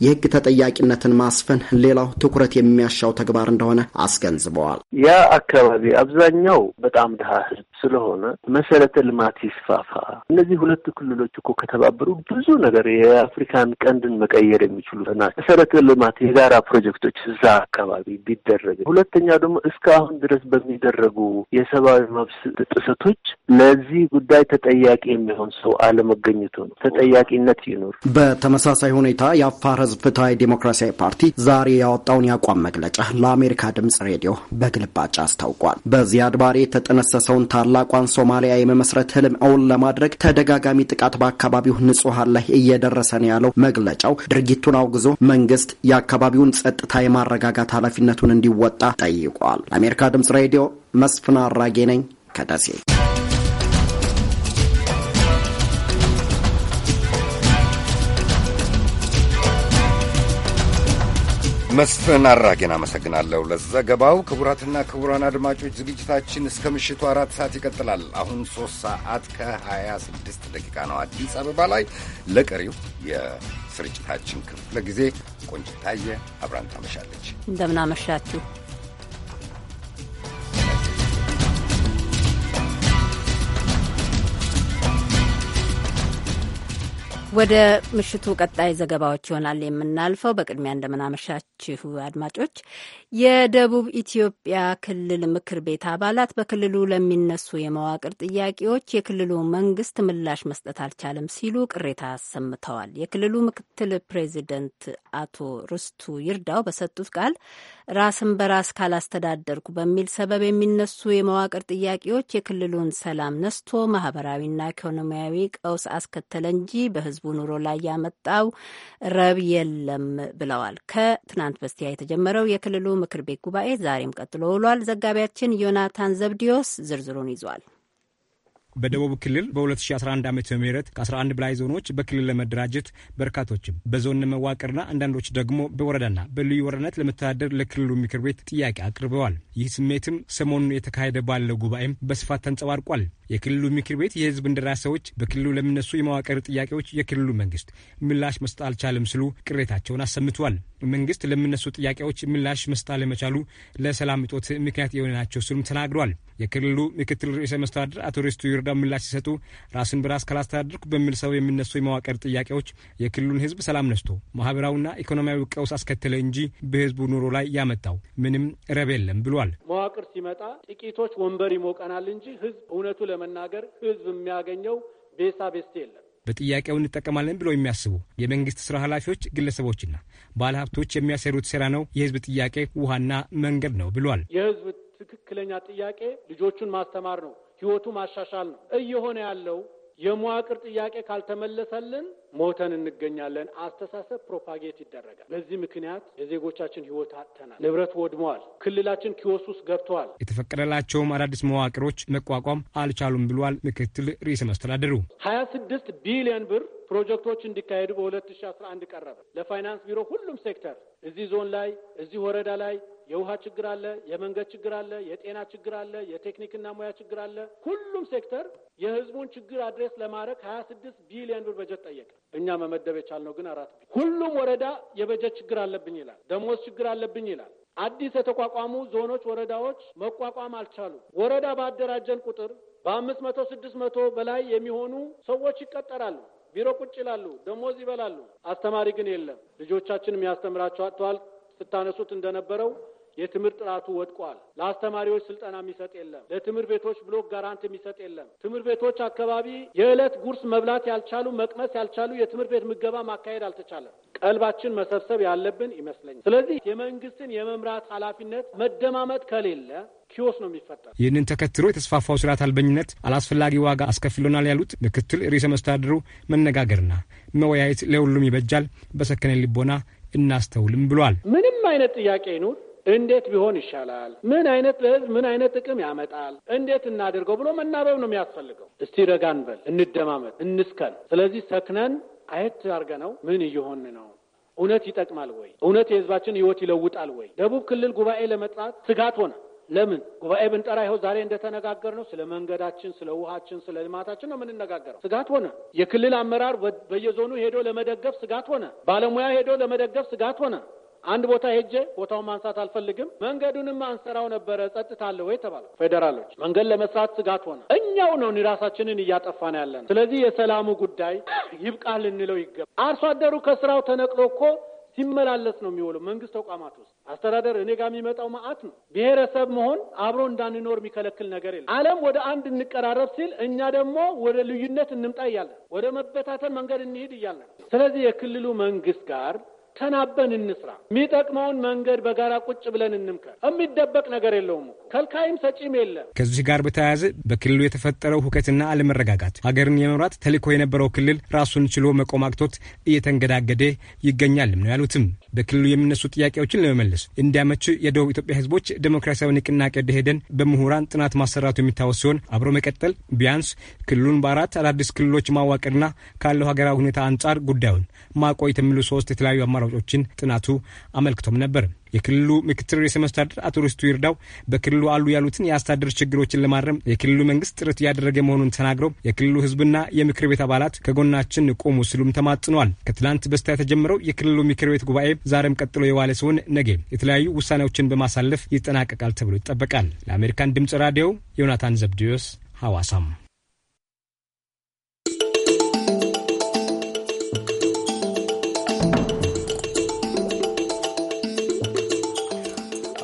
የህግ ተጠያቂነትን ማስፈን ሌላው ትኩረት የሚያሻው ተግባር እንደሆነ አስገንዝበዋል።
ያ አካባቢ አብዛኛው በጣም ድሃ ህዝብ ስለሆነ መሰረተ ልማት ይስፋፋ። እነዚህ ሁለት ክልሎች እኮ ከተባበሩ ብዙ ነገር የአፍሪካን ቀንድን መቀየር የሚችሉ ናቸው። መሰረተ ልማት የጋራ ፕሮጀክቶች እዛ አካባቢ ቢደረግ፣ ሁለተኛ ደግሞ እስካሁን ድረስ በሚደረጉ የሰብአዊ መብት ጥሰቶች ለዚህ ጉዳይ ተጠያቂ የሚሆን ሰው አለመገኘቱ ነው። ተጠያቂነት ይኑር።
በተመሳሳይ ሁኔታ የአፋር ህዝብ ፍትሐዊ ዴሞክራሲያዊ ፓርቲ ዛሬ ያወጣውን የአቋም መግለጫ ለአሜሪካ ድምጽ ሬዲዮ በግልባጭ አስታውቋል። በዚያድ ባሬ የተጠነሰሰውን ታላ ታላቋን ሶማሊያ የመመስረት ህልም እውን ለማድረግ ተደጋጋሚ ጥቃት በአካባቢው ንጹሐን ላይ እየደረሰ ነው ያለው መግለጫው ድርጊቱን አውግዞ መንግስት የአካባቢውን ጸጥታ የማረጋጋት ኃላፊነቱን እንዲወጣ ጠይቋል። ለአሜሪካ ድምጽ ሬዲዮ መስፍን አራጌ ነኝ ከደሴ።
መስፍን አራጌን አመሰግናለሁ ለዘገባው። ክቡራትና ክቡራን አድማጮች ዝግጅታችን እስከ ምሽቱ አራት ሰዓት ይቀጥላል። አሁን ሶስት ሰዓት ከ26 ደቂቃ ነው አዲስ አበባ ላይ። ለቀሪው የስርጭታችን ክፍለ ጊዜ ቆንጅታየ አብራን ታመሻለች።
እንደምናመሻችሁ ወደ ምሽቱ ቀጣይ ዘገባዎች ይሆናል የምናልፈው። በቅድሚያ እንደምናመሻችሁ አድማጮች። የደቡብ ኢትዮጵያ ክልል ምክር ቤት አባላት በክልሉ ለሚነሱ የመዋቅር ጥያቄዎች የክልሉ መንግስት ምላሽ መስጠት አልቻለም ሲሉ ቅሬታ አሰምተዋል። የክልሉ ምክትል ፕሬዚደንት አቶ ርስቱ ይርዳው በሰጡት ቃል ራስን በራስ ካላስተዳደርኩ በሚል ሰበብ የሚነሱ የመዋቅር ጥያቄዎች የክልሉን ሰላም ነስቶ ማህበራዊና ኢኮኖሚያዊ ቀውስ አስከተለ እንጂ በህዝቡ ኑሮ ላይ ያመጣው ረብ የለም ብለዋል። ከትናንት በስቲያ የተጀመረው የክልሉ ምክር ቤት ጉባኤ ዛሬም ቀጥሎ ውሏል። ዘጋቢያችን ዮናታን ዘብዲዮስ ዝርዝሩን ይዟል።
በደቡብ ክልል በ2011 ዓ ም ከ11 በላይ ዞኖች በክልል ለመደራጀት በርካቶችም በዞን ለመዋቅርና አንዳንዶች ደግሞ በወረዳና በልዩ ወረዳነት ለመተዳደር ለክልሉ ምክር ቤት ጥያቄ አቅርበዋል። ይህ ስሜትም ሰሞኑን የተካሄደ ባለው ጉባኤም በስፋት ተንጸባርቋል። የክልሉ ምክር ቤት የህዝብ እንደራሴዎች በክልሉ ለሚነሱ የመዋቅር ጥያቄዎች የክልሉ መንግስት ምላሽ መስጠት አልቻለም ሲሉ ቅሬታቸውን አሰምተዋል። መንግስት ለሚነሱ ጥያቄዎች ምላሽ መስጠት አለመቻሉ ለሰላም እጦት ምክንያት የሆነ ናቸው ሲሉም ተናግሯል። የክልሉ ምክትል ርዕሰ መስተዳድር አቶ ሪስቱ ይርዳ ምላሽ ሲሰጡ ራስን በራስ ካላስተዳድርኩ በሚል ሰው የሚነሱ የመዋቅር ጥያቄዎች የክልሉን ህዝብ ሰላም ነስቶ ማህበራዊና ኢኮኖሚያዊ ቀውስ አስከተለ እንጂ በህዝቡ ኑሮ ላይ ያመጣው ምንም ረብ የለም ብሏል።
መዋቅር ሲመጣ ጥቂቶች ወንበር ይሞቀናል እንጂ ህዝብ እውነቱ ለመናገር ህዝብ የሚያገኘው ቤሳ ቤስቴ የለም።
በጥያቄው እንጠቀማለን ብለው የሚያስቡ የመንግስት ስራ ኃላፊዎች፣ ግለሰቦችና ባለሀብቶች የሚያሰሩት ስራ ነው። የህዝብ ጥያቄ ውሃና መንገድ ነው ብሏል።
የህዝብ ትክክለኛ ጥያቄ ልጆቹን ማስተማር ነው፣ ህይወቱ ማሻሻል ነው። እየሆነ ያለው የመዋቅር ጥያቄ ካልተመለሰልን ሞተን እንገኛለን። አስተሳሰብ ፕሮፓጌት ይደረጋል። በዚህ ምክንያት የዜጎቻችን ህይወት አጥተናል። ንብረት ወድመዋል። ክልላችን ኪዮስ ውስጥ ገብተዋል።
የተፈቀደላቸውም አዳዲስ መዋቅሮች መቋቋም አልቻሉም ብሏል ምክትል ርዕሰ መስተዳደሩ
ሀያ ስድስት ቢሊዮን ብር ፕሮጀክቶች እንዲካሄዱ በ2011 ቀረበ ለፋይናንስ ቢሮ ሁሉም ሴክተር እዚህ ዞን ላይ እዚህ ወረዳ ላይ የውሃ ችግር አለ፣ የመንገድ ችግር አለ፣ የጤና ችግር አለ፣ የቴክኒክና ሙያ ችግር አለ። ሁሉም ሴክተር የህዝቡን ችግር አድሬስ ለማድረግ ሀያ ስድስት ቢሊዮን ብር በጀት ጠየቀ። እኛ መመደብ የቻልነው ግን አራት ሁሉም ወረዳ የበጀት ችግር አለብኝ ይላል፣ ደሞዝ ችግር አለብኝ ይላል። አዲስ የተቋቋሙ ዞኖች፣ ወረዳዎች መቋቋም አልቻሉም። ወረዳ ባደራጀን ቁጥር በአምስት መቶ ስድስት መቶ በላይ የሚሆኑ ሰዎች ይቀጠራሉ። ቢሮ ቁጭ ይላሉ፣ ደሞዝ ይበላሉ። አስተማሪ ግን የለም። ልጆቻችን የሚያስተምራቸው አጥተዋል። ስታነሱት እንደነበረው የትምህርት ጥራቱ ወድቋል። ለአስተማሪዎች ስልጠና የሚሰጥ የለም። ለትምህርት ቤቶች ብሎክ ጋራንት የሚሰጥ የለም። ትምህርት ቤቶች አካባቢ የዕለት ጉርስ መብላት ያልቻሉ መቅመስ ያልቻሉ የትምህርት ቤት ምገባ ማካሄድ አልተቻለም። ቀልባችን መሰብሰብ ያለብን ይመስለኛል። ስለዚህ የመንግስትን የመምራት ኃላፊነት መደማመጥ ከሌለ ኪዮስ ነው የሚፈጠር።
ይህንን ተከትሎ የተስፋፋው ስርዓት አልበኝነት አላስፈላጊ ዋጋ አስከፍሎናል ያሉት ምክትል ርዕሰ መስተዳድሩ መነጋገርና መወያየት ለሁሉም ይበጃል፣ በሰከነ ልቦና እናስተውልም ብሏል።
ምንም አይነት ጥያቄ ይኑር እንዴት ቢሆን ይሻላል፣ ምን አይነት ለህዝብ ምን አይነት ጥቅም ያመጣል፣ እንዴት እናደርገው ብሎ መናበብ ነው የሚያስፈልገው። እስቲ ረጋን በል እንደማመጥ፣ እንስከን። ስለዚህ ሰክነን አየት አድርገ ነው ምን እየሆን ነው እውነት ይጠቅማል ወይ? እውነት የህዝባችን ህይወት ይለውጣል ወይ? ደቡብ ክልል ጉባኤ ለመጥራት ስጋት ሆነ። ለምን ጉባኤ ብንጠራ ይኸው ዛሬ እንደተነጋገር ነው ስለ መንገዳችን፣ ስለ ውሃችን፣ ስለ ልማታችን ነው የምንነጋገረው። ስጋት ሆነ። የክልል አመራር በየዞኑ ሄዶ ለመደገፍ ስጋት ሆነ። ባለሙያ ሄዶ ለመደገፍ ስጋት ሆነ። አንድ ቦታ ሄጄ ቦታውን ማንሳት አልፈልግም፣ መንገዱንም አንሰራው ነበረ ጸጥታ አለ ወይ ተባለ። ፌዴራሎች መንገድ ለመስራት ስጋት ሆነ። እኛው ነው ራሳችንን እያጠፋን ያለ ስለዚህ የሰላሙ ጉዳይ ይብቃ ልንለው ይገባል። አርሶ አደሩ ከስራው ተነቅሎ እኮ ሲመላለስ ነው የሚውለው። መንግስት ተቋማት ውስጥ አስተዳደር እኔ ጋር የሚመጣው ማአት ነው። ብሔረሰብ መሆን አብሮ እንዳንኖር የሚከለክል ነገር የለም። ዓለም ወደ አንድ እንቀራረብ ሲል እኛ ደግሞ ወደ ልዩነት እንምጣ እያለን፣ ወደ መበታተን መንገድ እንሄድ እያለን። ስለዚህ የክልሉ መንግስት ጋር ተናበን እንስራ። የሚጠቅመውን መንገድ በጋራ ቁጭ ብለን እንምከር። የሚደበቅ ነገር የለውም፣ ከልካይም ሰጪም የለም።
ከዚህ ጋር በተያያዘ በክልሉ የተፈጠረው ሁከትና አለመረጋጋት ሀገርን የመምራት ተልዕኮ የነበረው ክልል ራሱን ችሎ መቆም አቅቶት እየተንገዳገደ ይገኛልም ነው ያሉትም። በክልሉ የሚነሱ ጥያቄዎችን ለመመለስ እንዲያመች የደቡብ ኢትዮጵያ ሕዝቦች ዴሞክራሲያዊ ንቅናቄ ደኢህዴን በምሁራን ጥናት ማሰራቱ የሚታወስ ሲሆን አብሮ መቀጠል ቢያንስ ክልሉን በአራት አዳዲስ ክልሎች ማዋቅርና ካለው ሀገራዊ ሁኔታ አንጻር ጉዳዩን ማቆየት የሚሉ ሶስት የተለያዩ አማራ አማራጮችን ጥናቱ አመልክቶም ነበር። የክልሉ ምክትል ርዕሰ መስተዳድር አቶ ርስቱ ይርዳው በክልሉ አሉ ያሉትን የአስተዳደር ችግሮችን ለማረም የክልሉ መንግስት ጥረት እያደረገ መሆኑን ተናግረው የክልሉ ህዝብና የምክር ቤት አባላት ከጎናችን ቆሙ ሲሉም ተማጽኗል። ከትላንት በስቲያ የተጀመረው የክልሉ ምክር ቤት ጉባኤ ዛሬም ቀጥሎ የዋለ ሲሆን ነገ የተለያዩ ውሳኔዎችን በማሳለፍ ይጠናቀቃል ተብሎ ይጠበቃል። ለአሜሪካን ድምጽ ራዲዮ ዮናታን ዘብዲዮስ ሐዋሳም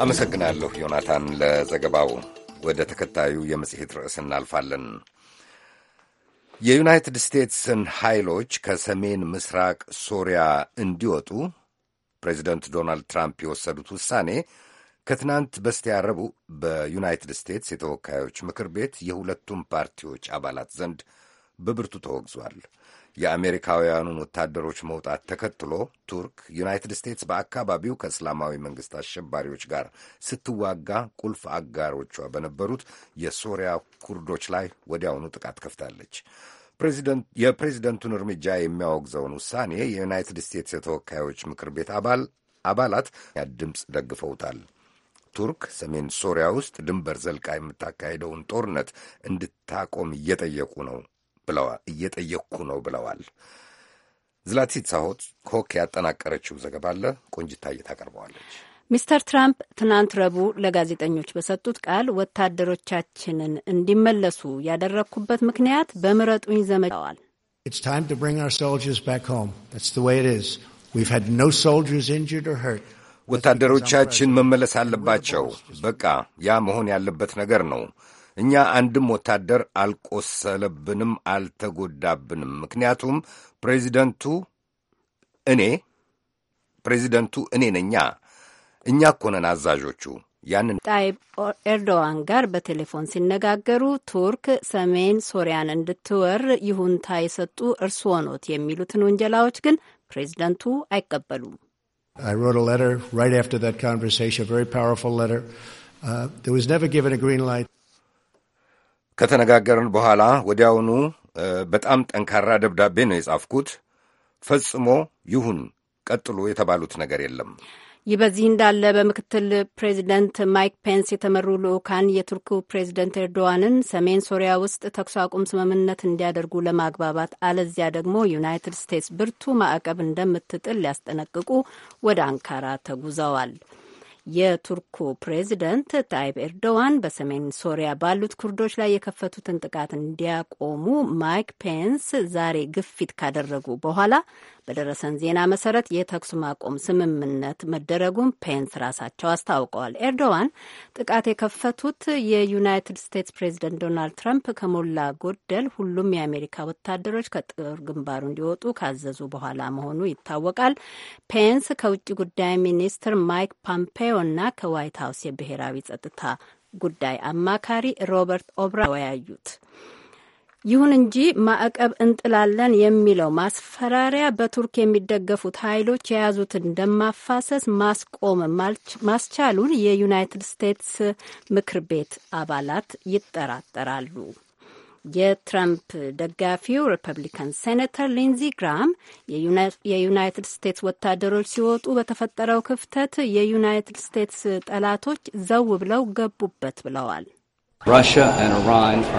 አመሰግናለሁ ዮናታን ለዘገባው። ወደ ተከታዩ የመጽሔት ርዕስ እናልፋለን። የዩናይትድ ስቴትስን ኃይሎች ከሰሜን ምስራቅ ሶሪያ እንዲወጡ ፕሬዚደንት ዶናልድ ትራምፕ የወሰዱት ውሳኔ ከትናንት በስቲያ ረቡዕ በዩናይትድ ስቴትስ የተወካዮች ምክር ቤት የሁለቱም ፓርቲዎች አባላት ዘንድ በብርቱ ተወግዟል። የአሜሪካውያኑን ወታደሮች መውጣት ተከትሎ ቱርክ ዩናይትድ ስቴትስ በአካባቢው ከእስላማዊ መንግሥት አሸባሪዎች ጋር ስትዋጋ ቁልፍ አጋሮቿ በነበሩት የሶሪያ ኩርዶች ላይ ወዲያውኑ ጥቃት ከፍታለች። የፕሬዚደንቱን እርምጃ የሚያወግዘውን ውሳኔ የዩናይትድ ስቴትስ የተወካዮች ምክር ቤት አባል አባላት ድምፅ ደግፈውታል። ቱርክ ሰሜን ሶሪያ ውስጥ ድንበር ዘልቃ የምታካሄደውን ጦርነት እንድታቆም እየጠየቁ ነው እየጠየቅኩ ነው ብለዋል። ዝላቲት ሳሆት ኮክ ያጠናቀረችው ዘገባ አለ ቆንጅታዬ ታቀርበዋለች።
ሚስተር ትራምፕ ትናንት ረቡዕ ለጋዜጠኞች በሰጡት ቃል ወታደሮቻችንን እንዲመለሱ ያደረግኩበት ምክንያት በምረጡኝ ዘመዋል።
ወታደሮቻችን መመለስ አለባቸው። በቃ ያ መሆን ያለበት ነገር ነው። እኛ አንድም ወታደር አልቆሰለብንም፣ አልተጎዳብንም። ምክንያቱም ፕሬዚደንቱ እኔ ፕሬዚደንቱ እኔ ነኛ። እኛ እኮ ነን አዛዦቹ። ያንን
ጣይብ ኤርዶዋን ጋር በቴሌፎን ሲነጋገሩ ቱርክ ሰሜን ሶሪያን እንድትወር ይሁንታ የሰጡ እርስዎ ኖት የሚሉትን ውንጀላዎች ግን ፕሬዚደንቱ አይቀበሉም።
ከተነጋገርን በኋላ ወዲያውኑ በጣም ጠንካራ ደብዳቤ ነው የጻፍኩት። ፈጽሞ ይሁን ቀጥሎ የተባሉት ነገር የለም።
ይህ በዚህ እንዳለ በምክትል ፕሬዚደንት ማይክ ፔንስ የተመሩ ልዑካን የቱርኩ ፕሬዚደንት ኤርዶዋንን ሰሜን ሶሪያ ውስጥ ተኩስ አቁም ስምምነት እንዲያደርጉ ለማግባባት አለዚያ ደግሞ ዩናይትድ ስቴትስ ብርቱ ማዕቀብ እንደምትጥል ሊያስጠነቅቁ ወደ አንካራ ተጉዘዋል። የቱርኩ ፕሬዚደንት ታይብ ኤርዶዋን በሰሜን ሶሪያ ባሉት ኩርዶች ላይ የከፈቱትን ጥቃት እንዲያቆሙ ማይክ ፔንስ ዛሬ ግፊት ካደረጉ በኋላ በደረሰን ዜና መሰረት የተኩስ ማቆም ስምምነት መደረጉን ፔንስ ራሳቸው አስታውቀዋል። ኤርዶዋን ጥቃት የከፈቱት የዩናይትድ ስቴትስ ፕሬዚደንት ዶናልድ ትራምፕ ከሞላ ጎደል ሁሉም የአሜሪካ ወታደሮች ከጦር ግንባሩ እንዲወጡ ካዘዙ በኋላ መሆኑ ይታወቃል። ፔንስ ከውጭ ጉዳይ ሚኒስትር ማይክ ፖምፔዮ እና ከዋይት ሀውስ የብሔራዊ ጸጥታ ጉዳይ አማካሪ ሮበርት ኦብራ ወያዩት ይሁን እንጂ ማዕቀብ እንጥላለን የሚለው ማስፈራሪያ በቱርክ የሚደገፉት ኃይሎች የያዙትን ደም ማፋሰስ ማስቆም ማስቻሉን የዩናይትድ ስቴትስ ምክር ቤት አባላት ይጠራጠራሉ። የትራምፕ ደጋፊው ሪፐብሊካን ሴኔተር ሊንዚ ግራም የዩናይትድ ስቴትስ ወታደሮች ሲወጡ በተፈጠረው ክፍተት የዩናይትድ ስቴትስ ጠላቶች ዘው ብለው ገቡበት ብለዋል።
ሩሲያና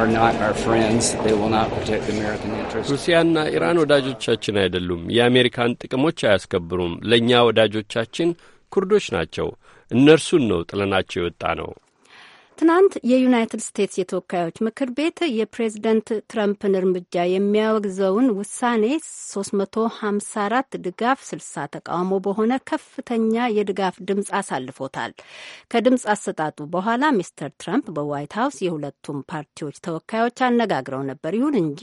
ኢራን ወዳጆቻችን አይደሉም። የአሜሪካን ጥቅሞች አያስከብሩም። ለእኛ ወዳጆቻችን ኩርዶች ናቸው። እነርሱን ነው ጥለናቸው የወጣ ነው።
ትናንት የዩናይትድ ስቴትስ የተወካዮች ምክር ቤት የፕሬዝደንት ትረምፕን እርምጃ የሚያወግዘውን ውሳኔ 354 ድጋፍ 60 ተቃውሞ በሆነ ከፍተኛ የድጋፍ ድምፅ አሳልፎታል። ከድምፅ አሰጣጡ በኋላ ሚስተር ትረምፕ በዋይት ሀውስ የሁለቱም ፓርቲዎች ተወካዮች አነጋግረው ነበር። ይሁን እንጂ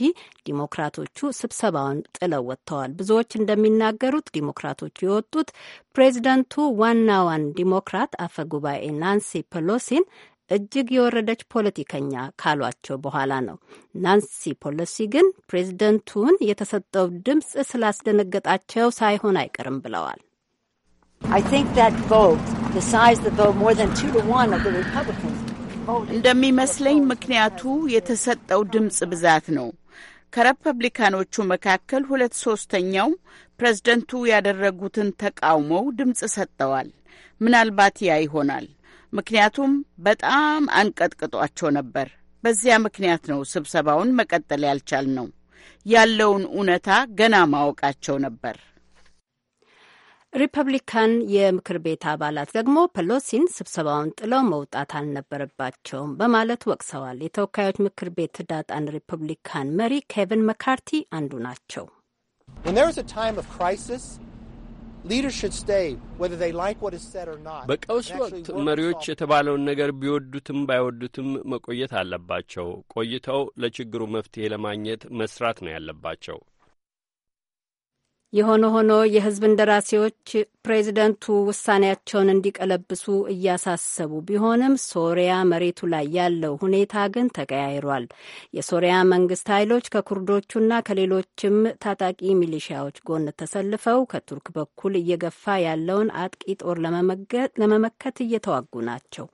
ዲሞክራቶቹ ስብሰባውን ጥለው ወጥተዋል። ብዙዎች እንደሚናገሩት ዲሞክራቶቹ የወጡት ፕሬዝደንቱ ዋናዋን ዲሞክራት አፈጉባኤ ናንሲ ፔሎሲን እጅግ የወረደች ፖለቲከኛ ካሏቸው በኋላ ነው። ናንሲ ፖሎሲ ግን ፕሬዝደንቱን የተሰጠው ድምፅ ስላስደነገጣቸው ሳይሆን አይቀርም ብለዋል።
እንደሚመስለኝ ምክንያቱ የተሰጠው ድምፅ ብዛት ነው። ከሪፐብሊካኖቹ መካከል ሁለት ሶስተኛው ፕሬዝደንቱ ያደረጉትን ተቃውመው ድምፅ ሰጥተዋል። ምናልባት ያ ይሆናል። ምክንያቱም በጣም አንቀጥቅጧቸው ነበር። በዚያ ምክንያት ነው ስብሰባውን መቀጠል ያልቻል ነው። ያለውን እውነታ ገና ማወቃቸው ነበር።
ሪፐብሊካን የምክር ቤት አባላት ደግሞ ፔሎሲን ስብሰባውን ጥለው መውጣት አልነበረባቸውም በማለት ወቅሰዋል። የተወካዮች ምክር ቤት ዳጣን ሪፐብሊካን መሪ ኬቪን መካርቲ አንዱ ናቸው።
በቀውስ
ወቅት መሪዎች የተባለውን ነገር ቢወዱትም ባይወዱትም መቆየት አለባቸው። ቆይተው ለችግሩ መፍትሄ ለማግኘት መስራት ነው ያለባቸው።
የሆነ ሆኖ የህዝብ እንደራሴዎች ፕሬዚደንቱ ውሳኔያቸውን እንዲቀለብሱ እያሳሰቡ ቢሆንም ሶሪያ መሬቱ ላይ ያለው ሁኔታ ግን ተቀያይሯል። የሶሪያ መንግስት ኃይሎች ከኩርዶቹና ከሌሎችም ታጣቂ ሚሊሺያዎች ጎን ተሰልፈው ከቱርክ በኩል እየገፋ ያለውን አጥቂ ጦር ለመመከት እየተዋጉ ናቸው።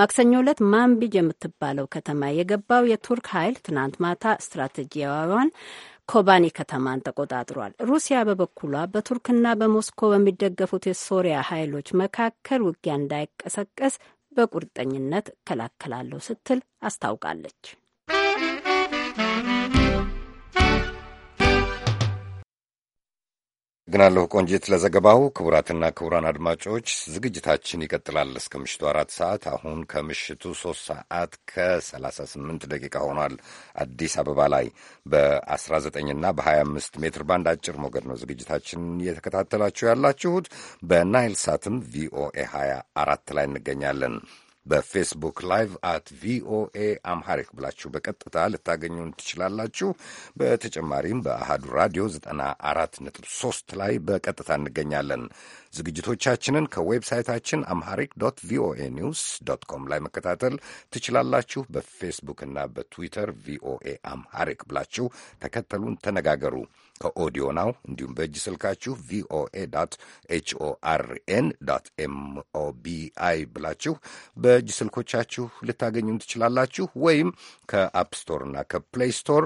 ማክሰኞ ዕለት ማንቢጅ የምትባለው ከተማ የገባው የቱርክ ኃይል ትናንት ማታ ስትራቴጂያዋን ኮባኒ ከተማን ተቆጣጥሯል። ሩሲያ በበኩሏ በቱርክና በሞስኮ በሚደገፉት የሶሪያ ኃይሎች መካከል ውጊያ እንዳይቀሰቀስ በቁርጠኝነት እከላከላለሁ ስትል አስታውቃለች።
አመሰግናለሁ ቆንጂት ለዘገባው። ክቡራትና ክቡራን አድማጮች ዝግጅታችን ይቀጥላል እስከ ምሽቱ አራት ሰዓት። አሁን ከምሽቱ ሶስት ሰዓት ከሰላሳ ስምንት ደቂቃ ሆኗል። አዲስ አበባ ላይ በ19ና በ25 ሜትር ባንድ አጭር ሞገድ ነው ዝግጅታችን እየተከታተላችሁ ያላችሁት። በናይል ሳትም ቪኦኤ 24 ላይ እንገኛለን። በፌስቡክ ላይቭ አት ቪኦኤ አምሃሪክ ብላችሁ በቀጥታ ልታገኙን ትችላላችሁ። በተጨማሪም በአሃዱ ራዲዮ 94.3 ላይ በቀጥታ እንገኛለን። ዝግጅቶቻችንን ከዌብሳይታችን አምሃሪክ ዶት ቪኦኤ ኒውስ ዶት ኮም ላይ መከታተል ትችላላችሁ። በፌስቡክ እና በትዊተር ቪኦኤ አምሃሪክ ብላችሁ ተከተሉን፣ ተነጋገሩ። ከኦዲዮ ናው እንዲሁም በእጅ ስልካችሁ ቪኦኤ ዳት ኤችኦአርኤን ዳት ብላችሁ በእጅ ስልኮቻችሁ ልታገኙን ትችላላችሁ። ወይም ከአፕስቶርና ከፕሌይ ስቶር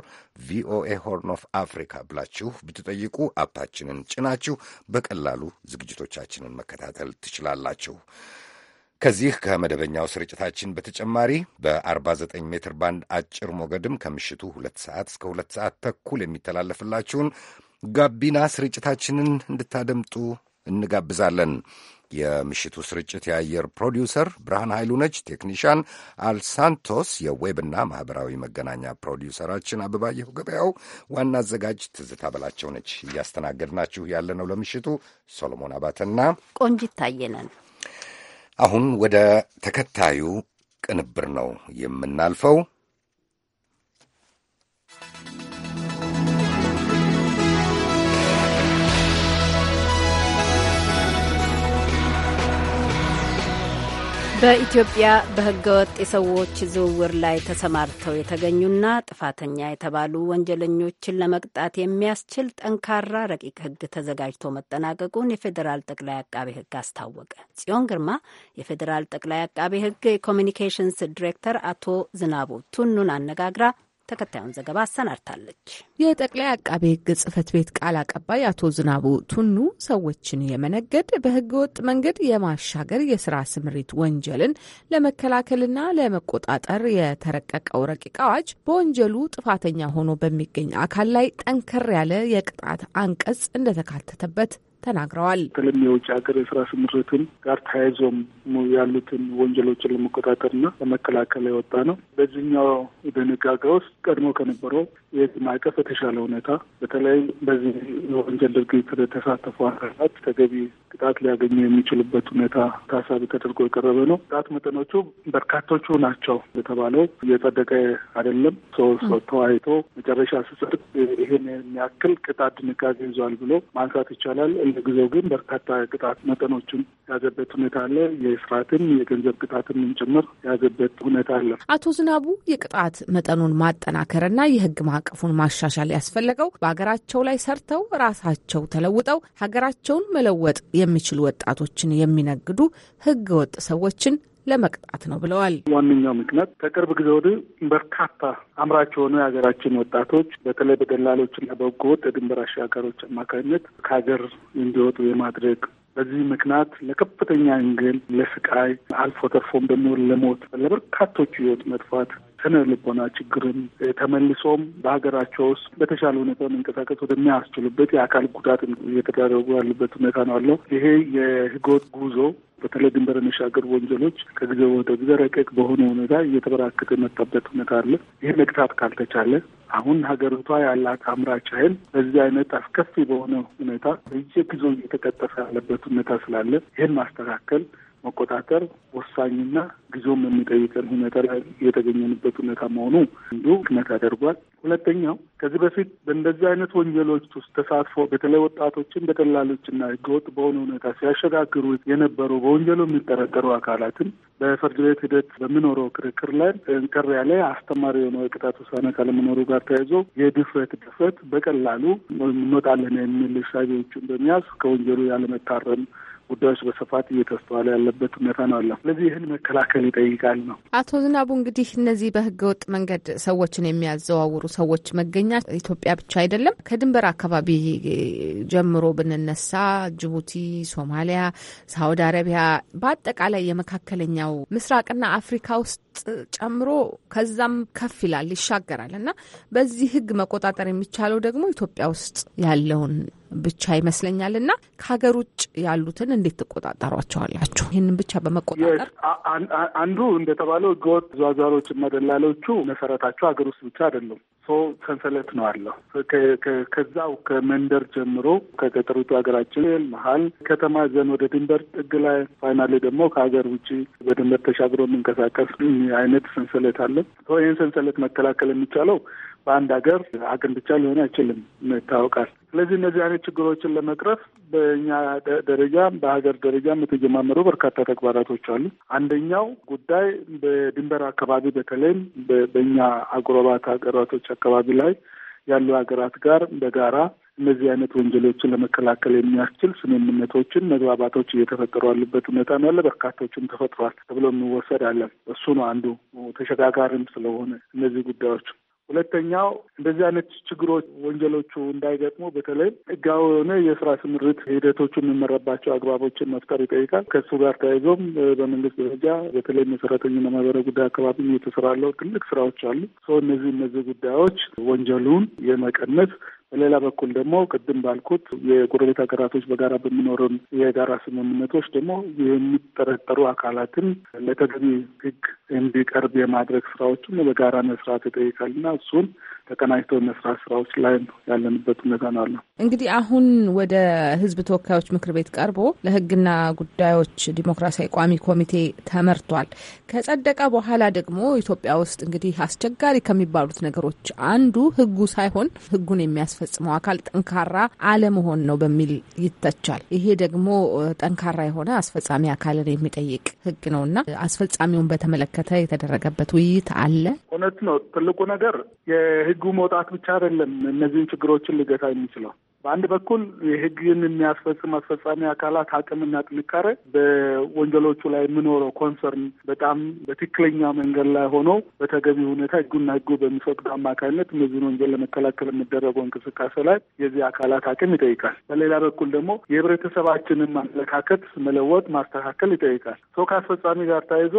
ቪኦኤ ሆርን ኦፍ አፍሪካ ብላችሁ ብትጠይቁ አፓችንን ጭናችሁ በቀላሉ ዝግጅቶቻችንን መከታተል ትችላላችሁ። ከዚህ ከመደበኛው ስርጭታችን በተጨማሪ በ49 ሜትር ባንድ አጭር ሞገድም ከምሽቱ ሁለት ሰዓት እስከ ሁለት ሰዓት ተኩል የሚተላለፍላችሁን ጋቢና ስርጭታችንን እንድታደምጡ እንጋብዛለን። የምሽቱ ስርጭት የአየር ፕሮዲውሰር ብርሃን ኃይሉ ነች። ቴክኒሻን አልሳንቶስ፣ የዌብና ማኅበራዊ መገናኛ ፕሮዲውሰራችን አበባየሁ ገበያው፣ ዋና አዘጋጅ ትዝታ በላቸው ነች። እያስተናገድናችሁ ያለነው ለምሽቱ ሶሎሞን አባተና
ቆንጂት ታየ
አሁን ወደ ተከታዩ ቅንብር ነው የምናልፈው።
በኢትዮጵያ በህገወጥ የሰዎች ዝውውር ላይ ተሰማርተው የተገኙና ጥፋተኛ የተባሉ ወንጀለኞችን ለመቅጣት የሚያስችል ጠንካራ ረቂቅ ህግ ተዘጋጅቶ መጠናቀቁን የፌዴራል ጠቅላይ አቃቤ ህግ አስታወቀ። ጽዮን ግርማ የፌዴራል ጠቅላይ አቃቤ ህግ የኮሚኒኬሽንስ ዲሬክተር አቶ ዝናቡ ቱኑን አነጋግራ ተከታዩን ዘገባ አሰናድታለች።
የጠቅላይ አቃቤ ሕግ ጽህፈት ቤት ቃል አቀባይ አቶ ዝናቡ ቱኑ ሰዎችን የመነገድ በህገወጥ መንገድ የማሻገር የስራ ስምሪት ወንጀልን ለመከላከልና ለመቆጣጠር የተረቀቀው ረቂቅ አዋጅ በወንጀሉ ጥፋተኛ ሆኖ በሚገኝ አካል ላይ ጠንከር ያለ የቅጣት አንቀጽ እንደተካተተበት ተናግረዋል።
በተለይም የውጭ ሀገር የስራ ስምሪትን ጋር ተያይዞም ያሉትን ወንጀሎችን ለመቆጣጠርና ለመከላከል የወጣ ነው። በዚህኛው በነጋጋ ውስጥ ቀድሞ ከነበረው የህግ ማዕቀፍ በተሻለ ሁኔታ በተለይ በዚህ የወንጀል ድርጊት የተሳተፉ አካላት ተገቢ ቅጣት ሊያገኙ የሚችሉበት ሁኔታ ታሳቢ ተደርጎ የቀረበ ነው። ቅጣት መጠኖቹ በርካቶቹ ናቸው የተባለው እየጸደቀ አይደለም። ሰው ተወያይቶ መጨረሻ ስጽድቅ ይህን የሚያክል ቅጣት ድንጋጌ ይዟል ብሎ ማንሳት ይቻላል። እንደ ጊዜው ግን በርካታ ቅጣት መጠኖችን የያዘበት ሁኔታ አለ። የስርዓትን የገንዘብ ቅጣትን ጭምር የያዘበት ሁኔታ አለ።
አቶ ዝናቡ የቅጣት መጠኑን ማጠናከርና የህግ ማ አቀፉን ማሻሻል ያስፈለገው በሀገራቸው ላይ ሰርተው ራሳቸው ተለውጠው ሀገራቸውን መለወጥ የሚችሉ ወጣቶችን የሚነግዱ ህገወጥ ሰዎችን ለመቅጣት ነው
ብለዋል። ዋነኛው ምክንያት ከቅርብ ጊዜ ወዲህ በርካታ አምራች የሆኑ የሀገራችን ወጣቶች በተለይ በደላሎችና በህገወጥ የድንበር አሻጋሮች አማካኝነት ከሀገር እንዲወጡ የማድረግ በዚህ ምክንያት ለከፍተኛ እንግል፣ ለስቃይ አልፎ ተርፎም ደግሞ ለሞት ለበርካቶች ህይወት መጥፋት ስነ ልቦና ችግርም ተመልሶም በሀገራቸው ውስጥ በተሻለ ሁኔታ መንቀሳቀስ ወደሚያስችሉበት የአካል ጉዳት እየተደረጉ ያሉበት ሁኔታ ነው አለው። ይሄ የህገወጥ ጉዞ በተለይ ድንበር የሚሻገር ወንጀሎች ከጊዜ ወደ ጊዜ ረቀቅ በሆነ ሁኔታ እየተበራከተ የመጣበት ሁኔታ አለ። ይህ መግታት ካልተቻለ አሁን ሀገሪቷ ያላት አምራች ኃይል በዚህ አይነት አስከፊ በሆነ ሁኔታ በየጊዜው እየተቀጠፈ ያለበት ሁኔታ ስላለ ይህን ማስተካከል መቆጣጠር ወሳኝና ጊዜውም የሚጠይቀን ሁኔታ ላይ የተገኘንበት ሁኔታ መሆኑ እንዱ ምክንያት ያደርጓል። ሁለተኛው ከዚህ በፊት በእንደዚህ አይነት ወንጀሎች ውስጥ ተሳትፎ በተለይ ወጣቶችን በደላሎችና ህገወጥ በሆነ ሁኔታ ሲያሸጋግሩ የነበሩ በወንጀሉ የሚጠረጠሩ አካላትን በፍርድ ቤት ሂደት በሚኖረው ክርክር ላይ ጠንከር ያለ አስተማሪ የሆነው የቅጣት ውሳኔ ካለመኖሩ ጋር ተያይዞ የድፍረት ድፍረት በቀላሉ እንወጣለን የሚል እሳቤዎችን በሚያዝ ከወንጀሉ ያለመታረም ጉዳዮች በስፋት እየተስተዋለ ያለበት ሁኔታ ነው አለ። ስለዚህ ይህን መከላከል ይጠይቃል ነው።
አቶ ዝናቡ እንግዲህ እነዚህ በህገወጥ መንገድ ሰዎችን የሚያዘዋውሩ ሰዎች መገኛ ኢትዮጵያ ብቻ አይደለም። ከድንበር አካባቢ ጀምሮ ብንነሳ ጅቡቲ፣ ሶማሊያ፣ ሳውዲ አረቢያ በአጠቃላይ የመካከለኛው ምስራቅና አፍሪካ ውስጥ ጨምሮ ከዛም ከፍ ይላል ይሻገራል እና በዚህ ህግ መቆጣጠር የሚቻለው ደግሞ ኢትዮጵያ ውስጥ ያለውን ብቻ ይመስለኛል። እና ከሀገር ውጭ ያሉትን እንዴት ትቆጣጠሯቸዋላችሁ? ይህንን ብቻ በመቆጣጠር
አንዱ እንደተባለው ህገወጥ ዟዟሮች እና ደላሎቹ መሰረታቸው ሀገር ውስጥ ብቻ አይደለም። ሶ ሰንሰለት ነው አለው ከዛው ከመንደር ጀምሮ ከገጠሪቱ ሀገራችን መሀል ከተማ ዘን ወደ ድንበር ጥግ ላይ ፋይናሌ ደግሞ ከሀገር ውጭ በድንበር ተሻግሮ የሚንቀሳቀስ አይነት ሰንሰለት አለ። ይህን ሰንሰለት መከላከል የሚቻለው በአንድ ሀገር አቅም ብቻ ሊሆን አይችልም ይታወቃል። ስለዚህ እነዚህ አይነት ችግሮችን ለመቅረፍ በእኛ ደረጃ በሀገር ደረጃ የተጀማመሩ በርካታ ተግባራቶች አሉ። አንደኛው ጉዳይ በድንበር አካባቢ በተለይም በእኛ አጎራባት ሀገራቶች አካባቢ ላይ ያሉ ሀገራት ጋር በጋራ እነዚህ አይነት ወንጀሎችን ለመከላከል የሚያስችል ስምምነቶችን፣ መግባባቶች እየተፈጠሩ ያሉበት ሁኔታ ነው ያለ። በርካቶችም ተፈጥሯል ተብሎ የሚወሰድ አለን። እሱ ነው አንዱ ተሸጋጋሪም ስለሆነ እነዚህ ጉዳዮች ሁለተኛው እንደዚህ አይነት ችግሮች፣ ወንጀሎቹ እንዳይገጥሙ በተለይ ህጋዊ የሆነ የስራ ስምሪት ሂደቶቹ የሚመረባቸው አግባቦችን መፍጠር ይጠይቃል። ከእሱ ጋር ተያይዞም በመንግስት ደረጃ በተለይ መሰረተኛ ማህበራዊ ጉዳይ አካባቢ እየተሰራለው ትልቅ ስራዎች አሉ። ሰው እነዚህ እነዚህ ጉዳዮች ወንጀሉን የመቀነስ በሌላ በኩል ደግሞ ቅድም ባልኩት የጎረቤት ሀገራቶች በጋራ በሚኖረን የጋራ ስምምነቶች ደግሞ የሚጠረጠሩ አካላትን ለተገቢ ሕግ እንዲቀርብ የማድረግ ስራዎችን በጋራ መስራት ይጠይቃልና እሱን ተቀናጅቶ መስራት ስራዎች ላይ ያለንበት ሁኔታ ነው
እንግዲህ አሁን ወደ ህዝብ ተወካዮች ምክር ቤት ቀርቦ ለህግና ጉዳዮች ዲሞክራሲያዊ ቋሚ ኮሚቴ ተመርቷል። ከጸደቀ በኋላ ደግሞ ኢትዮጵያ ውስጥ እንግዲህ አስቸጋሪ ከሚባሉት ነገሮች አንዱ ህጉ ሳይሆን ህጉን የሚያስፈጽመው አካል ጠንካራ አለመሆን ነው በሚል ይተቻል። ይሄ ደግሞ ጠንካራ የሆነ አስፈጻሚ አካልን የሚጠይቅ ህግ ነው እና አስፈጻሚውን በተመለከተ የተደረገበት ውይይት አለ።
እውነት ነው። ትልቁ ነገር የህግ ህጉ መውጣት ብቻ አይደለም እነዚህን ችግሮችን ሊገታ የሚችለው። በአንድ በኩል የህግን የሚያስፈጽም አስፈጻሚ አካላት አቅምና ጥንካሬ በወንጀሎቹ ላይ የምኖረው ኮንሰርን በጣም በትክክለኛ መንገድ ላይ ሆኖ በተገቢ ሁኔታ ህጉና ህጉ በሚፈቅዱ አማካኝነት እነዚህን ወንጀል ለመከላከል የሚደረገው እንቅስቃሴ ላይ የዚህ አካላት አቅም ይጠይቃል። በሌላ በኩል ደግሞ የህብረተሰባችንን ማመለካከት መለወጥ፣ ማስተካከል ይጠይቃል። ሰው ከአስፈጻሚ ጋር ተያይዞ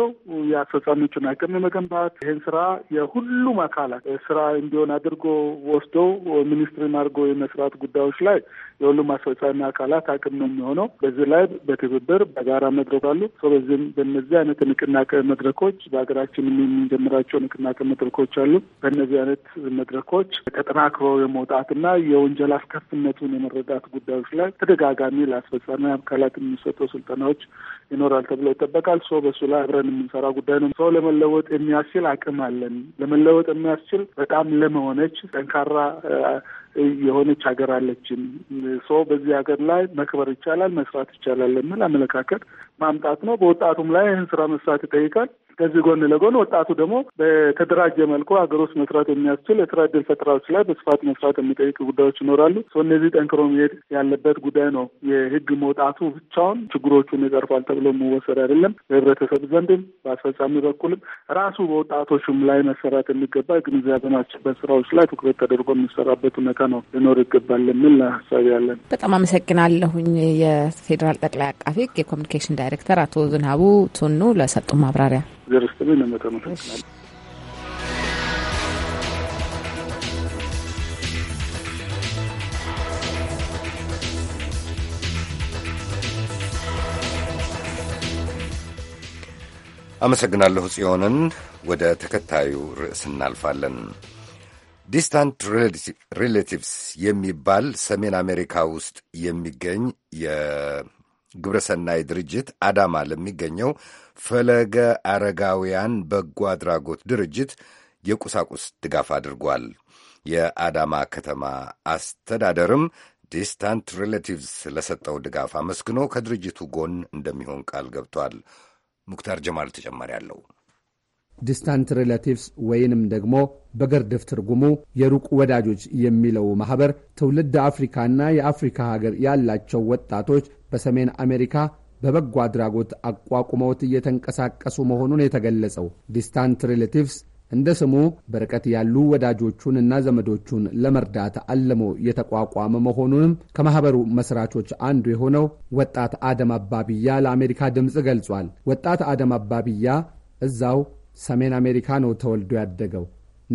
የአስፈጻሚዎችን አቅም የመገንባት ይህን ስራ የሁሉም አካላት ስራ እንዲሆን አድርጎ ወስዶ ሚኒስትሪን አድርጎ የመስራት ጉዳዮች ጉዳዮች ላይ የሁሉም አስፈጻሚ አካላት አቅም ነው የሚሆነው። በዚህ ላይ በትብብር በጋራ መድረክ አሉ። በዚህም በነዚህ አይነት ንቅናቄ መድረኮች በሀገራችን የምንጀምራቸው ንቅናቄ መድረኮች አሉ። በእነዚህ አይነት መድረኮች ተጠናክሮ የመውጣትና የወንጀል አስከፍነቱን የመረዳት ጉዳዮች ላይ ተደጋጋሚ ለአስፈጻሚ አካላት የሚሰጠው ስልጠናዎች ይኖራል ተብሎ ይጠበቃል። ሰው በሱ ላይ አብረን የምንሰራ ጉዳይ ነው። ሰው ለመለወጥ የሚያስችል አቅም አለን። ለመለወጥ የሚያስችል በጣም ለመሆነች ጠንካራ የሆነች ሀገር አለችን። ሰው በዚህ ሀገር ላይ መክበር ይቻላል፣ መስራት ይቻላል የሚል አመለካከት ማምጣት ነው። በወጣቱም ላይ ይህን ስራ መስራት ይጠይቃል። ከዚህ ጎን ለጎን ወጣቱ ደግሞ በተደራጀ መልኩ ሀገር ውስጥ መስራት የሚያስችል የስራ እድል ፈጠራዎች ላይ በስፋት መስራት የሚጠይቅ ጉዳዮች ይኖራሉ። እነዚህ ጠንክሮ መሄድ ያለበት ጉዳይ ነው። የህግ መውጣቱ ብቻውን ችግሮቹን ይቀርፋል ተብሎ መወሰድ አይደለም። በህብረተሰብ ዘንድም በአስፈጻሚ በኩልም ራሱ በወጣቶችም ላይ መሰራት የሚገባ ግንዛቤ ማስጨበጥ ስራዎች ላይ ትኩረት ተደርጎ የሚሰራበት ሁኔታ ነው ሊኖር ይገባል የሚል ሀሳብ ያለን።
በጣም አመሰግናለሁኝ። የፌዴራል ጠቅላይ አቃፊ ህግ የኮሚኒኬሽን ዳይሬክተር አቶ ዝናቡ ቱኑ ለሰጡ ማብራሪያ
ዘር ስጥልኝ ለመጠ መሰግናለሁ።
አመሰግናለሁ ጽዮንን። ወደ ተከታዩ ርዕስ እናልፋለን። ዲስታንት ሪሌቲቭስ የሚባል ሰሜን አሜሪካ ውስጥ የሚገኝ የግብረሰናይ ድርጅት አዳማ ለሚገኘው ፈለገ አረጋውያን በጎ አድራጎት ድርጅት የቁሳቁስ ድጋፍ አድርጓል። የአዳማ ከተማ አስተዳደርም ዲስታንት ሬሌቲቭስ ለሰጠው ድጋፍ አመስግኖ ከድርጅቱ ጎን እንደሚሆን ቃል ገብቷል። ሙክታር ጀማል ተጨማሪ አለው።
ዲስታንት ሬላቲቭስ ወይንም ደግሞ በገርድፍ ትርጉሙ የሩቅ ወዳጆች የሚለው ማኅበር ትውልድ አፍሪካና የአፍሪካ ሀገር ያላቸው ወጣቶች በሰሜን አሜሪካ በበጎ አድራጎት አቋቁመውት እየተንቀሳቀሱ መሆኑን የተገለጸው ዲስታንት ሪሌቲቭስ እንደ ስሙ በርቀት ያሉ ወዳጆቹን እና ዘመዶቹን ለመርዳት አልሞ የተቋቋመ መሆኑንም ከማኅበሩ መስራቾች አንዱ የሆነው ወጣት አደም አባብያ ለአሜሪካ ድምፅ ገልጿል። ወጣት አደም አባብያ እዛው ሰሜን አሜሪካ ነው ተወልዶ ያደገው።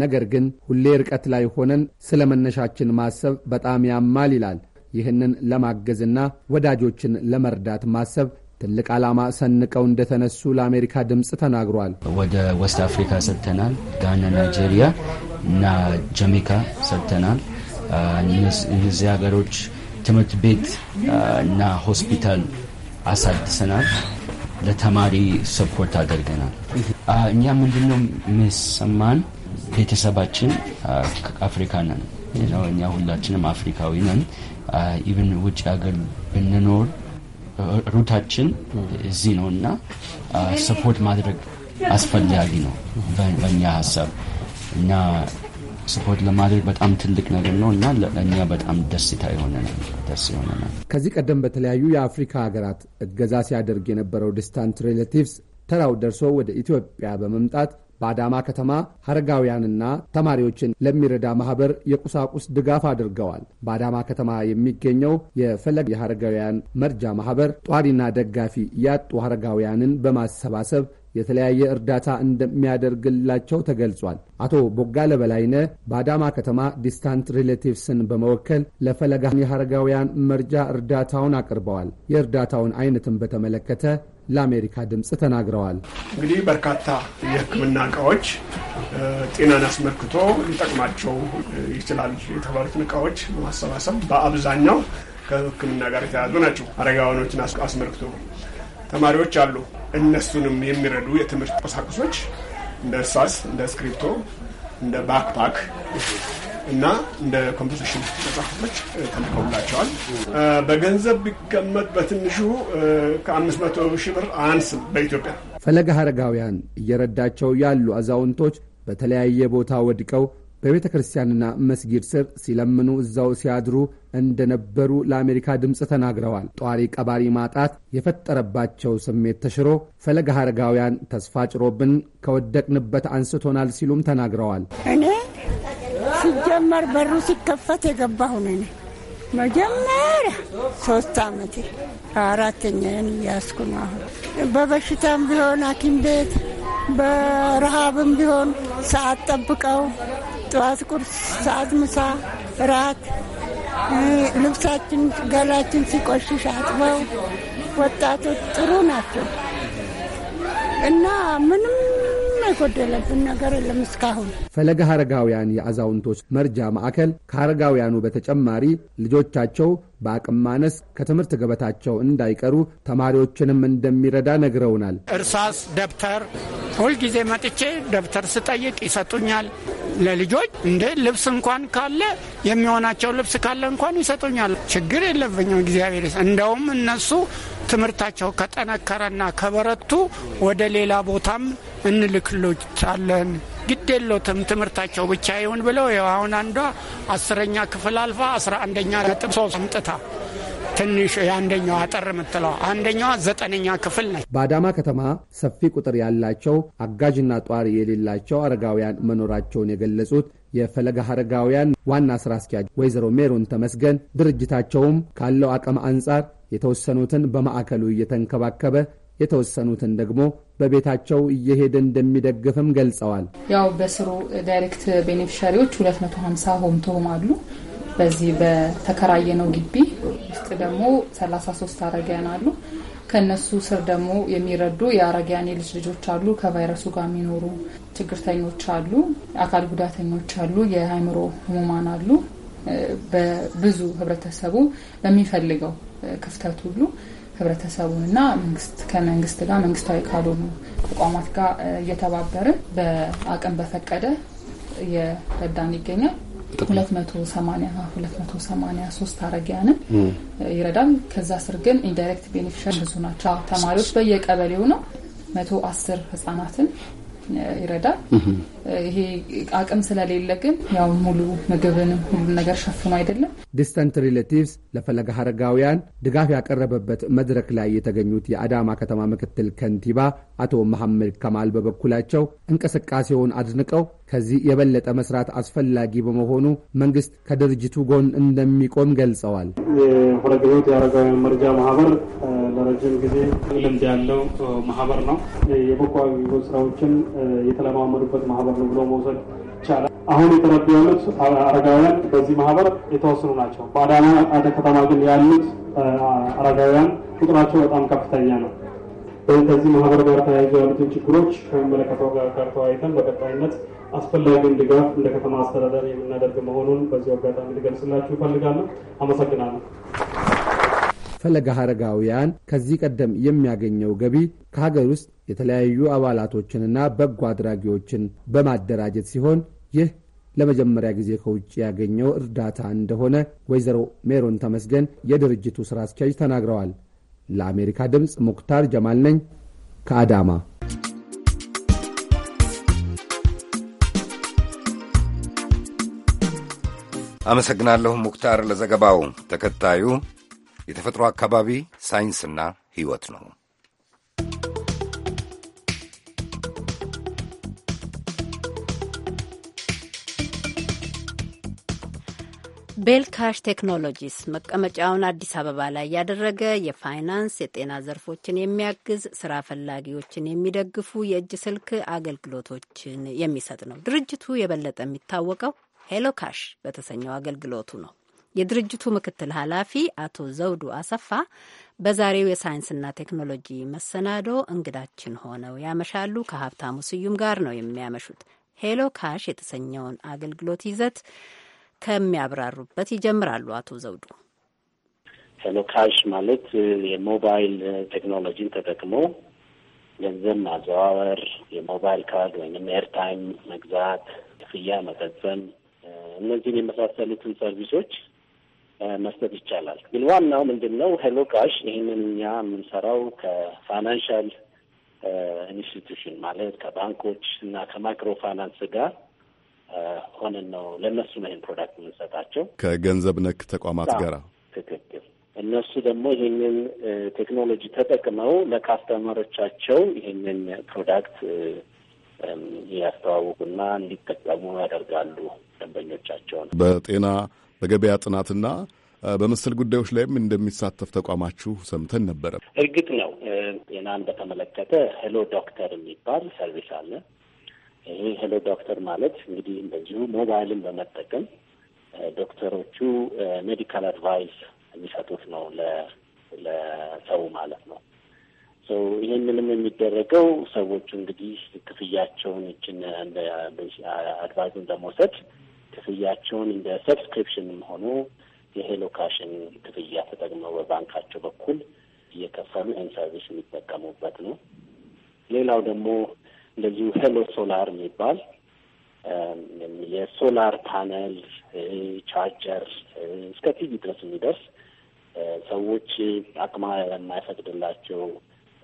ነገር ግን ሁሌ ርቀት ላይ ሆነን ስለ መነሻችን ማሰብ በጣም ያማል ይላል። ይህንን ለማገዝና ወዳጆችን ለመርዳት ማሰብ ትልቅ ዓላማ ሰንቀው እንደተነሱ ለአሜሪካ ድምፅ ተናግሯል።
ወደ ወስት አፍሪካ ሰጥተናል። ጋና፣ ናይጄሪያ እና ጀሜካ ሰጥተናል። እነዚህ ሀገሮች ትምህርት ቤት እና ሆስፒታል አሳድሰናል። ለተማሪ ሰፖርት አድርገናል። እኛ ምንድነው የሚሰማን ቤተሰባችን አፍሪካ ነን። እኛ ሁላችንም አፍሪካዊ ነን። ኢቭን ውጭ ሀገር ብንኖር ሩታችን እዚህ ነው እና ሰፖርት ማድረግ አስፈላጊ ነው በእኛ ሀሳብ እና ስፖርት ለማድረግ በጣም ትልቅ ነገር ነው እና ለእኛ በጣም ደስታ ደስ የሆነናል።
ከዚህ ቀደም በተለያዩ የአፍሪካ ሀገራት እገዛ ሲያደርግ የነበረው ዲስታንት ሬሌቲቭስ ተራው ደርሶ ወደ ኢትዮጵያ በመምጣት በአዳማ ከተማ አረጋውያንና ተማሪዎችን ለሚረዳ ማህበር የቁሳቁስ ድጋፍ አድርገዋል። በአዳማ ከተማ የሚገኘው የፈለግ የአረጋውያን መርጃ ማህበር ጧሪና ደጋፊ ያጡ አረጋውያንን በማሰባሰብ የተለያየ እርዳታ እንደሚያደርግላቸው ተገልጿል። አቶ ቦጋለ በላይነ በአዳማ ከተማ ዲስታንት ሪሌቲቭስን በመወከል ለፈለጋ የአረጋውያን መርጃ እርዳታውን አቅርበዋል። የእርዳታውን አይነትን በተመለከተ ለአሜሪካ ድምፅ ተናግረዋል።
እንግዲህ በርካታ የሕክምና እቃዎች ጤናን አስመልክቶ ሊጠቅማቸው ይችላል የተባሉትን እቃዎች በማሰባሰብ በአብዛኛው ከሕክምና ጋር የተያዙ ናቸው። አረጋውያኖችን አስመልክቶ ተማሪዎች አሉ። እነሱንም የሚረዱ የትምህርት ቁሳቁሶች እንደ እርሳስ፣ እንደ እስክሪብቶ፣ እንደ ባክፓክ እና እንደ ኮምፖዚሽን መጽሐፎች ተልከውላቸዋል። በገንዘብ ቢቀመጥ በትንሹ ከአምስት መቶ ሺህ ብር አንስም በኢትዮጵያ
ፈለገ አረጋውያን እየረዳቸው ያሉ አዛውንቶች በተለያየ ቦታ ወድቀው በቤተ ክርስቲያንና መስጊድ ስር ሲለምኑ እዛው ሲያድሩ እንደነበሩ ለአሜሪካ ድምፅ ተናግረዋል። ጧሪ ቀባሪ ማጣት የፈጠረባቸው ስሜት ተሽሮ ፈለገ አረጋውያን ተስፋ ጭሮብን ከወደቅንበት አንስቶናል ሲሉም ተናግረዋል።
እኔ ሲጀመር በሩ ሲከፈት የገባሁ ነኝ። መጀመሪያ ሶስት አመት
አራተኛዬን እያስኩ ነው። አሁን በበሽታም ቢሆን ሐኪም ቤት በረሃብም ቢሆን ሰዓት ጠብቀው ጠዋት ቁርስ፣ ሰዓት ምሳ፣ ራት ልብሳችን ገላችን ሲቆሽሽ አጥበው ወጣቶች
ጥሩ ናቸው እና ምንም የጎደለብን
ነገር የለም እስካሁን።
ፈለገ አረጋውያን የአዛውንቶች መርጃ ማዕከል ከአረጋውያኑ በተጨማሪ ልጆቻቸው በአቅም ማነስ ከትምህርት ገበታቸው እንዳይቀሩ ተማሪዎችንም እንደሚረዳ ነግረውናል።
እርሳስ፣ ደብተር ሁልጊዜ መጥቼ ደብተር ስጠይቅ ይሰጡኛል። ለልጆች እንደ ልብስ እንኳን ካለ የሚሆናቸው ልብስ ካለ እንኳን ይሰጡኛል። ችግር የለብኛው እግዚአብሔር። እንደውም እነሱ ትምህርታቸው ከጠነከረና ከበረቱ ወደ ሌላ ቦታም እንልክሎቻለን። ግድ የለዎትም ትምህርታቸው ብቻ ይሁን ብለው ይኸው አሁን አንዷ አስረኛ ክፍል አልፋ አስራ አንደኛ ነጥብ ሶስት አምጥታ ትንሽ የአንደኛው አጠር የምትለው አንደኛዋ
ዘጠነኛ ክፍል ነች።
በአዳማ ከተማ ሰፊ ቁጥር ያላቸው አጋዥና ጧሪ የሌላቸው አረጋውያን መኖራቸውን የገለጹት የፈለገ አረጋውያን ዋና ስራ አስኪያጅ ወይዘሮ ሜሮን ተመስገን ድርጅታቸውም ካለው አቅም አንጻር የተወሰኑትን በማዕከሉ እየተንከባከበ የተወሰኑትን ደግሞ በቤታቸው እየሄደ እንደሚደግፍም ገልጸዋል።
ያው በስሩ ዳይሬክት ቤኔፊሻሪዎች 250 ሆም ቱ ሆም አሉ። በዚህ በተከራየነው ግቢ ውስጥ ደግሞ 33 አረጋያን አሉ። ከእነሱ ስር ደግሞ የሚረዱ የአረጋያን የልጅ ልጆች አሉ። ከቫይረሱ ጋር የሚኖሩ ችግርተኞች አሉ። አካል ጉዳተኞች አሉ። የአእምሮ ህሙማን አሉ። በብዙ ህብረተሰቡ በሚፈልገው ክፍተት ሁሉ ህብረተሰቡንና መንግስት ከመንግስት ጋር መንግስታዊ ካልሆኑ ተቋማት ጋር እየተባበርን በአቅም በፈቀደ እየረዳን ይገኛል። 28283 አረጊያንን ይረዳል። ከዛ ስር ግን ኢንዳይሬክት ቤኔፊሻል ብዙ ናቸው። ተማሪዎች በየቀበሌው ነው 110 ህጻናትን ይረዳል። ይሄ አቅም ስለሌለ ግን ያው ሙሉ ምግብን ሁሉ ነገር ሸፍኖ አይደለም።
ዲስተንት ሪሌቲቭስ ለፈለገ ሀረጋውያን ድጋፍ ያቀረበበት መድረክ ላይ የተገኙት የአዳማ ከተማ ምክትል ከንቲባ አቶ መሐመድ ከማል በበኩላቸው እንቅስቃሴውን አድንቀው ከዚህ የበለጠ መስራት አስፈላጊ በመሆኑ መንግስት ከድርጅቱ ጎን እንደሚቆም ገልጸዋል።
የሁለት የአረጋውያን መርጃ ማህበር ለረጅም ጊዜ ልምድ ያለው ማህበር ነው። የበጎ ስራዎችን የተለማመዱበት ማህበር ነው ብሎ መውሰድ ይቻላል። አሁን የተረዱ ያሉት አረጋውያን በዚህ ማህበር የተወሰኑ ናቸው። በአዳማ ከተማ ግን ያሉት አረጋውያን ቁጥራቸው በጣም ከፍተኛ ነው። ከዚህ ማህበር ጋር ተያይዞ ያሉትን ችግሮች ከሚመለከተው ጋር ተወያይተን በቀጣይነት አስፈላጊውን ድጋፍ እንደ ከተማ አስተዳደር የምናደርግ መሆኑን በዚሁ አጋጣሚ ልገልጽላችሁ እፈልጋለሁ። አመሰግናለሁ።
ፈለገ ሀረጋውያን ከዚህ ቀደም የሚያገኘው ገቢ ከሀገር ውስጥ የተለያዩ አባላቶችንና በጎ አድራጊዎችን በማደራጀት ሲሆን ይህ ለመጀመሪያ ጊዜ ከውጭ ያገኘው እርዳታ እንደሆነ ወይዘሮ ሜሮን ተመስገን የድርጅቱ ሥራ አስኪያጅ ተናግረዋል። ለአሜሪካ ድምፅ ሙክታር ጀማል ነኝ ከአዳማ።
አመሰግናለሁ ሙክታር ለዘገባው። ተከታዩ የተፈጥሮ አካባቢ ሳይንስና ሕይወት ነው።
ቤልካሽ ቴክኖሎጂስ መቀመጫውን አዲስ አበባ ላይ ያደረገ የፋይናንስ የጤና ዘርፎችን የሚያግዝ ስራ ፈላጊዎችን የሚደግፉ የእጅ ስልክ አገልግሎቶችን የሚሰጥ ነው። ድርጅቱ የበለጠ የሚታወቀው ሄሎ ካሽ በተሰኘው አገልግሎቱ ነው። የድርጅቱ ምክትል ኃላፊ አቶ ዘውዱ አሰፋ በዛሬው የሳይንስና ቴክኖሎጂ መሰናዶ እንግዳችን ሆነው ያመሻሉ። ከሀብታሙ ስዩም ጋር ነው የሚያመሹት። ሄሎ ካሽ የተሰኘውን አገልግሎት ይዘት ከሚያብራሩበት ይጀምራሉ አቶ ዘውዱ።
ሄሎ ካሽ ማለት የሞባይል ቴክኖሎጂን ተጠቅሞ ገንዘብ ማዘዋወር፣ የሞባይል ካርድ ወይም ኤርታይም መግዛት፣ ክፍያ መፈጸም፣ እነዚህን የመሳሰሉትን ሰርቪሶች መስጠት ይቻላል። ግን ዋናው ምንድን ነው ሄሎ ካሽ ይህንን እኛ የምንሰራው ከፋይናንሻል ኢንስቲቱሽን ማለት ከባንኮች እና ከማይክሮ ፋይናንስ ጋር ሆነን ነው ለእነሱ ነው ይህን ፕሮዳክት የምንሰጣቸው
ከገንዘብ ነክ ተቋማት ጋር
ትክክል። እነሱ ደግሞ ይህንን ቴክኖሎጂ ተጠቅመው ለካስተመሮቻቸው ይህንን ፕሮዳክት እያስተዋውቁና እንዲጠቀሙ ያደርጋሉ ደንበኞቻቸውን
በጤና በገበያ ጥናትና በመሰል ጉዳዮች ላይም እንደሚሳተፍ ተቋማችሁ ሰምተን ነበረ።
እርግጥ ነው ጤናን በተመለከተ ሄሎ ዶክተር የሚባል ሰርቪስ አለ። ይህ ሄሎ ዶክተር ማለት እንግዲህ እንደዚሁ ሞባይልን በመጠቀም ዶክተሮቹ ሜዲካል አድቫይስ የሚሰጡት ነው ለሰው ማለት ነው። ይህንንም የሚደረገው ሰዎቹ እንግዲህ ክፍያቸውን ይችን አድቫይዙን ለመውሰድ ክፍያቸውን እንደ ሰብስክሪፕሽንም ሆኖ የሄሎካሽን ክፍያ ተጠቅመው በባንካቸው በኩል እየከፈሉ ይህን ሰርቪስ የሚጠቀሙበት ነው። ሌላው ደግሞ እንደዚሁ ሄሎ ሶላር የሚባል የሶላር ፓነል ቻርጀር እስከ ቲቪ ድረስ የሚደርስ ሰዎች አቅማ የማይፈቅድላቸው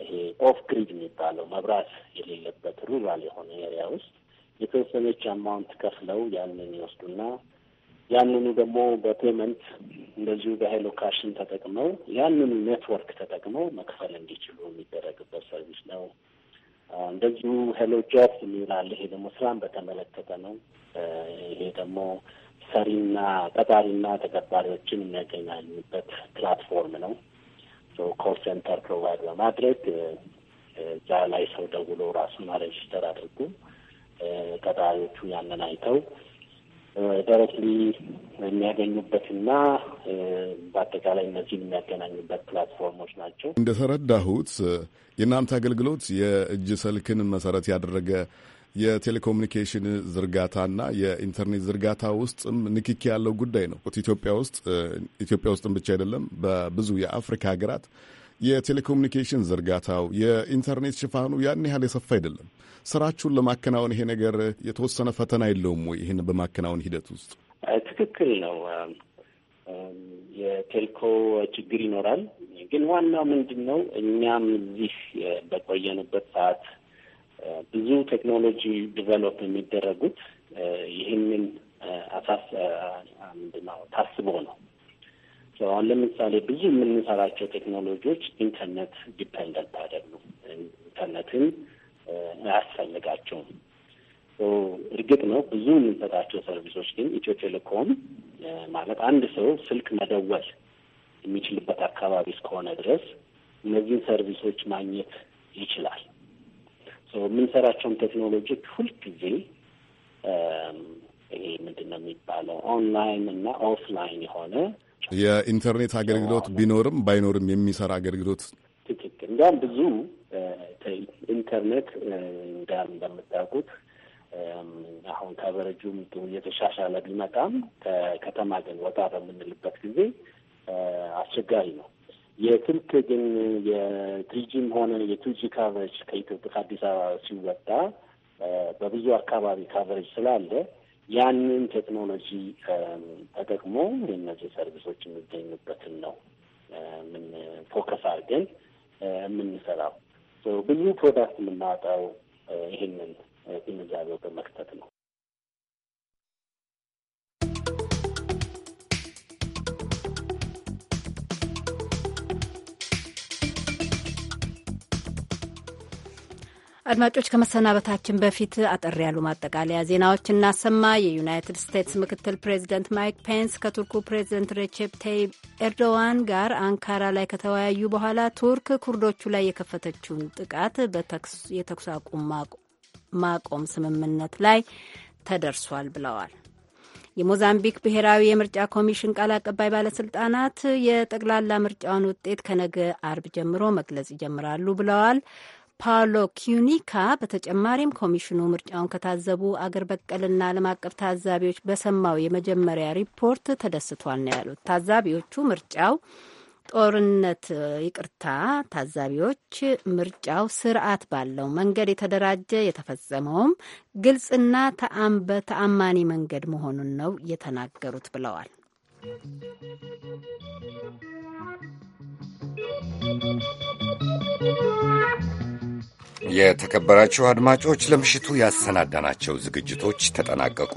ይሄ ኦፍ ግሪድ የሚባለው መብራት የሌለበት ሩራል የሆነ ኤሪያ ውስጥ የተወሰነች አማውንት ከፍለው ያንን ይወስዱና ያንኑ ደግሞ በፔመንት እንደዚሁ በሄሎ ካሽን ተጠቅመው ያንኑ ኔትወርክ ተጠቅመው መክፈል እንዲችሉ የሚደረግበት ሰርቪስ ነው። እንደዚሁ ሄሎ ጆብ የሚላል ይሄ ደግሞ ስራን በተመለከተ ነው። ይሄ ደግሞ ሰሪና ቀጣሪና ተቀጣሪዎችን የሚያገናኙበት ፕላትፎርም ነው። ኮል ሴንተር ፕሮቫይድ በማድረግ እዛ ላይ ሰው ደውሎ ራሱን ሬጅስተር አድርጎ ቀጣሪዎቹ ያንን አይተው ዳይሬክትሊ የሚያገኙበትና በአጠቃላይ እነዚህን የሚያገናኙበት ፕላትፎርሞች ናቸው።
እንደተረዳሁት የእናንተ አገልግሎት የእጅ ስልክን መሰረት ያደረገ የቴሌኮሙኒኬሽን ዝርጋታና የኢንተርኔት ዝርጋታ ውስጥም ንክኪ ያለው ጉዳይ ነው። ኢትዮጵያ ውስጥ ኢትዮጵያ ውስጥም ብቻ አይደለም በብዙ የአፍሪካ ሀገራት የቴሌኮሙኒኬሽን ዝርጋታው፣ የኢንተርኔት ሽፋኑ ያን ያህል የሰፋ አይደለም። ስራችሁን ለማከናወን ይሄ ነገር የተወሰነ ፈተና የለውም ወይ? ይህን በማከናወን ሂደት ውስጥ
ትክክል ነው። የቴልኮ ችግር ይኖራል። ግን ዋናው ምንድን ነው? እኛም እዚህ በቆየንበት ሰዓት ብዙ ቴክኖሎጂ ዲቨሎፕ የሚደረጉት ይህንን ምንድን ነው ታስቦ ነው አሁን ለምሳሌ ብዙ የምንሰራቸው ቴክኖሎጂዎች ኢንተርኔት ዲፐንደንት አይደሉም፣ ኢንተርኔትን አያስፈልጋቸውም። እርግጥ ነው ብዙ የምንሰጣቸው ሰርቪሶች ግን ኢትዮ ቴሌኮም ማለት አንድ ሰው ስልክ መደወል የሚችልበት አካባቢ እስከሆነ ድረስ እነዚህን ሰርቪሶች ማግኘት ይችላል። የምንሰራቸውን ቴክኖሎጂዎች ሁልጊዜ ይሄ ምንድን ነው የሚባለው ኦንላይን እና ኦፍላይን የሆነ
ናቸው። የኢንተርኔት አገልግሎት ቢኖርም ባይኖርም የሚሰራ አገልግሎት
ትክክል። እንዲያውም ብዙ ኢንተርኔት ጋር እንደምታውቁት አሁን ከበረጁም እየተሻሻለ ቢመጣም ከከተማ ግን ወጣ በምንልበት ጊዜ አስቸጋሪ ነው። የስልክ ግን የትሪጂም ሆነ የቱጂ ካቨሬጅ ከኢትዮጵያ ከአዲስ አበባ ሲወጣ በብዙ አካባቢ ካቨሬጅ ስላለ ያንን ቴክኖሎጂ ተጠቅሞ የእነዚህ ሰርቪሶች የሚገኙበትን ነው ምን ፎከስ አድርገን የምንሰራው ብዙ ፕሮዳክት የምናወጣው ይህንን ግንዛቤው በመክተት ነው።
አድማጮች ከመሰናበታችን በፊት አጠር ያሉ ማጠቃለያ ዜናዎች እናሰማ። የዩናይትድ ስቴትስ ምክትል ፕሬዚደንት ማይክ ፔንስ ከቱርኩ ፕሬዚደንት ሬቼፕ ታይብ ኤርዶዋን ጋር አንካራ ላይ ከተወያዩ በኋላ ቱርክ ኩርዶቹ ላይ የከፈተችውን ጥቃት የተኩስ አቁም ማቆም ስምምነት ላይ ተደርሷል ብለዋል። የሞዛምቢክ ብሔራዊ የምርጫ ኮሚሽን ቃል አቀባይ ባለስልጣናት የጠቅላላ ምርጫውን ውጤት ከነገ አርብ ጀምሮ መግለጽ ይጀምራሉ ብለዋል። ፓውሎ ኪዩኒካ በተጨማሪም ኮሚሽኑ ምርጫውን ከታዘቡ አገር በቀልና ዓለም አቀፍ ታዛቢዎች በሰማው የመጀመሪያ ሪፖርት ተደስቷል ነው ያሉት። ታዛቢዎቹ ምርጫው ጦርነት ይቅርታ፣ ታዛቢዎች ምርጫው ስርዓት ባለው መንገድ የተደራጀ የተፈጸመውም ግልጽና በተአማኒ መንገድ መሆኑን ነው የተናገሩት ብለዋል።
Thank
you. የተከበራችሁ አድማጮች ለምሽቱ ያሰናዳናቸው ዝግጅቶች ተጠናቀቁ።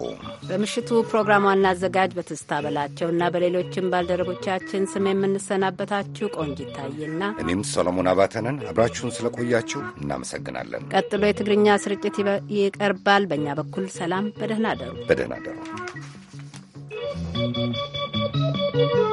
በምሽቱ ፕሮግራም ዋና አዘጋጅ በትስታ በላቸው እና በሌሎችም ባልደረቦቻችን ስም የምንሰናበታችሁ ቆንጅ ይታየና
እኔም ሰሎሞን አባተንን አብራችሁን ስለቆያችሁ እናመሰግናለን።
ቀጥሎ የትግርኛ ስርጭት ይቀርባል። በእኛ በኩል ሰላም፣ በደህና ደሩ፣
በደህና
you.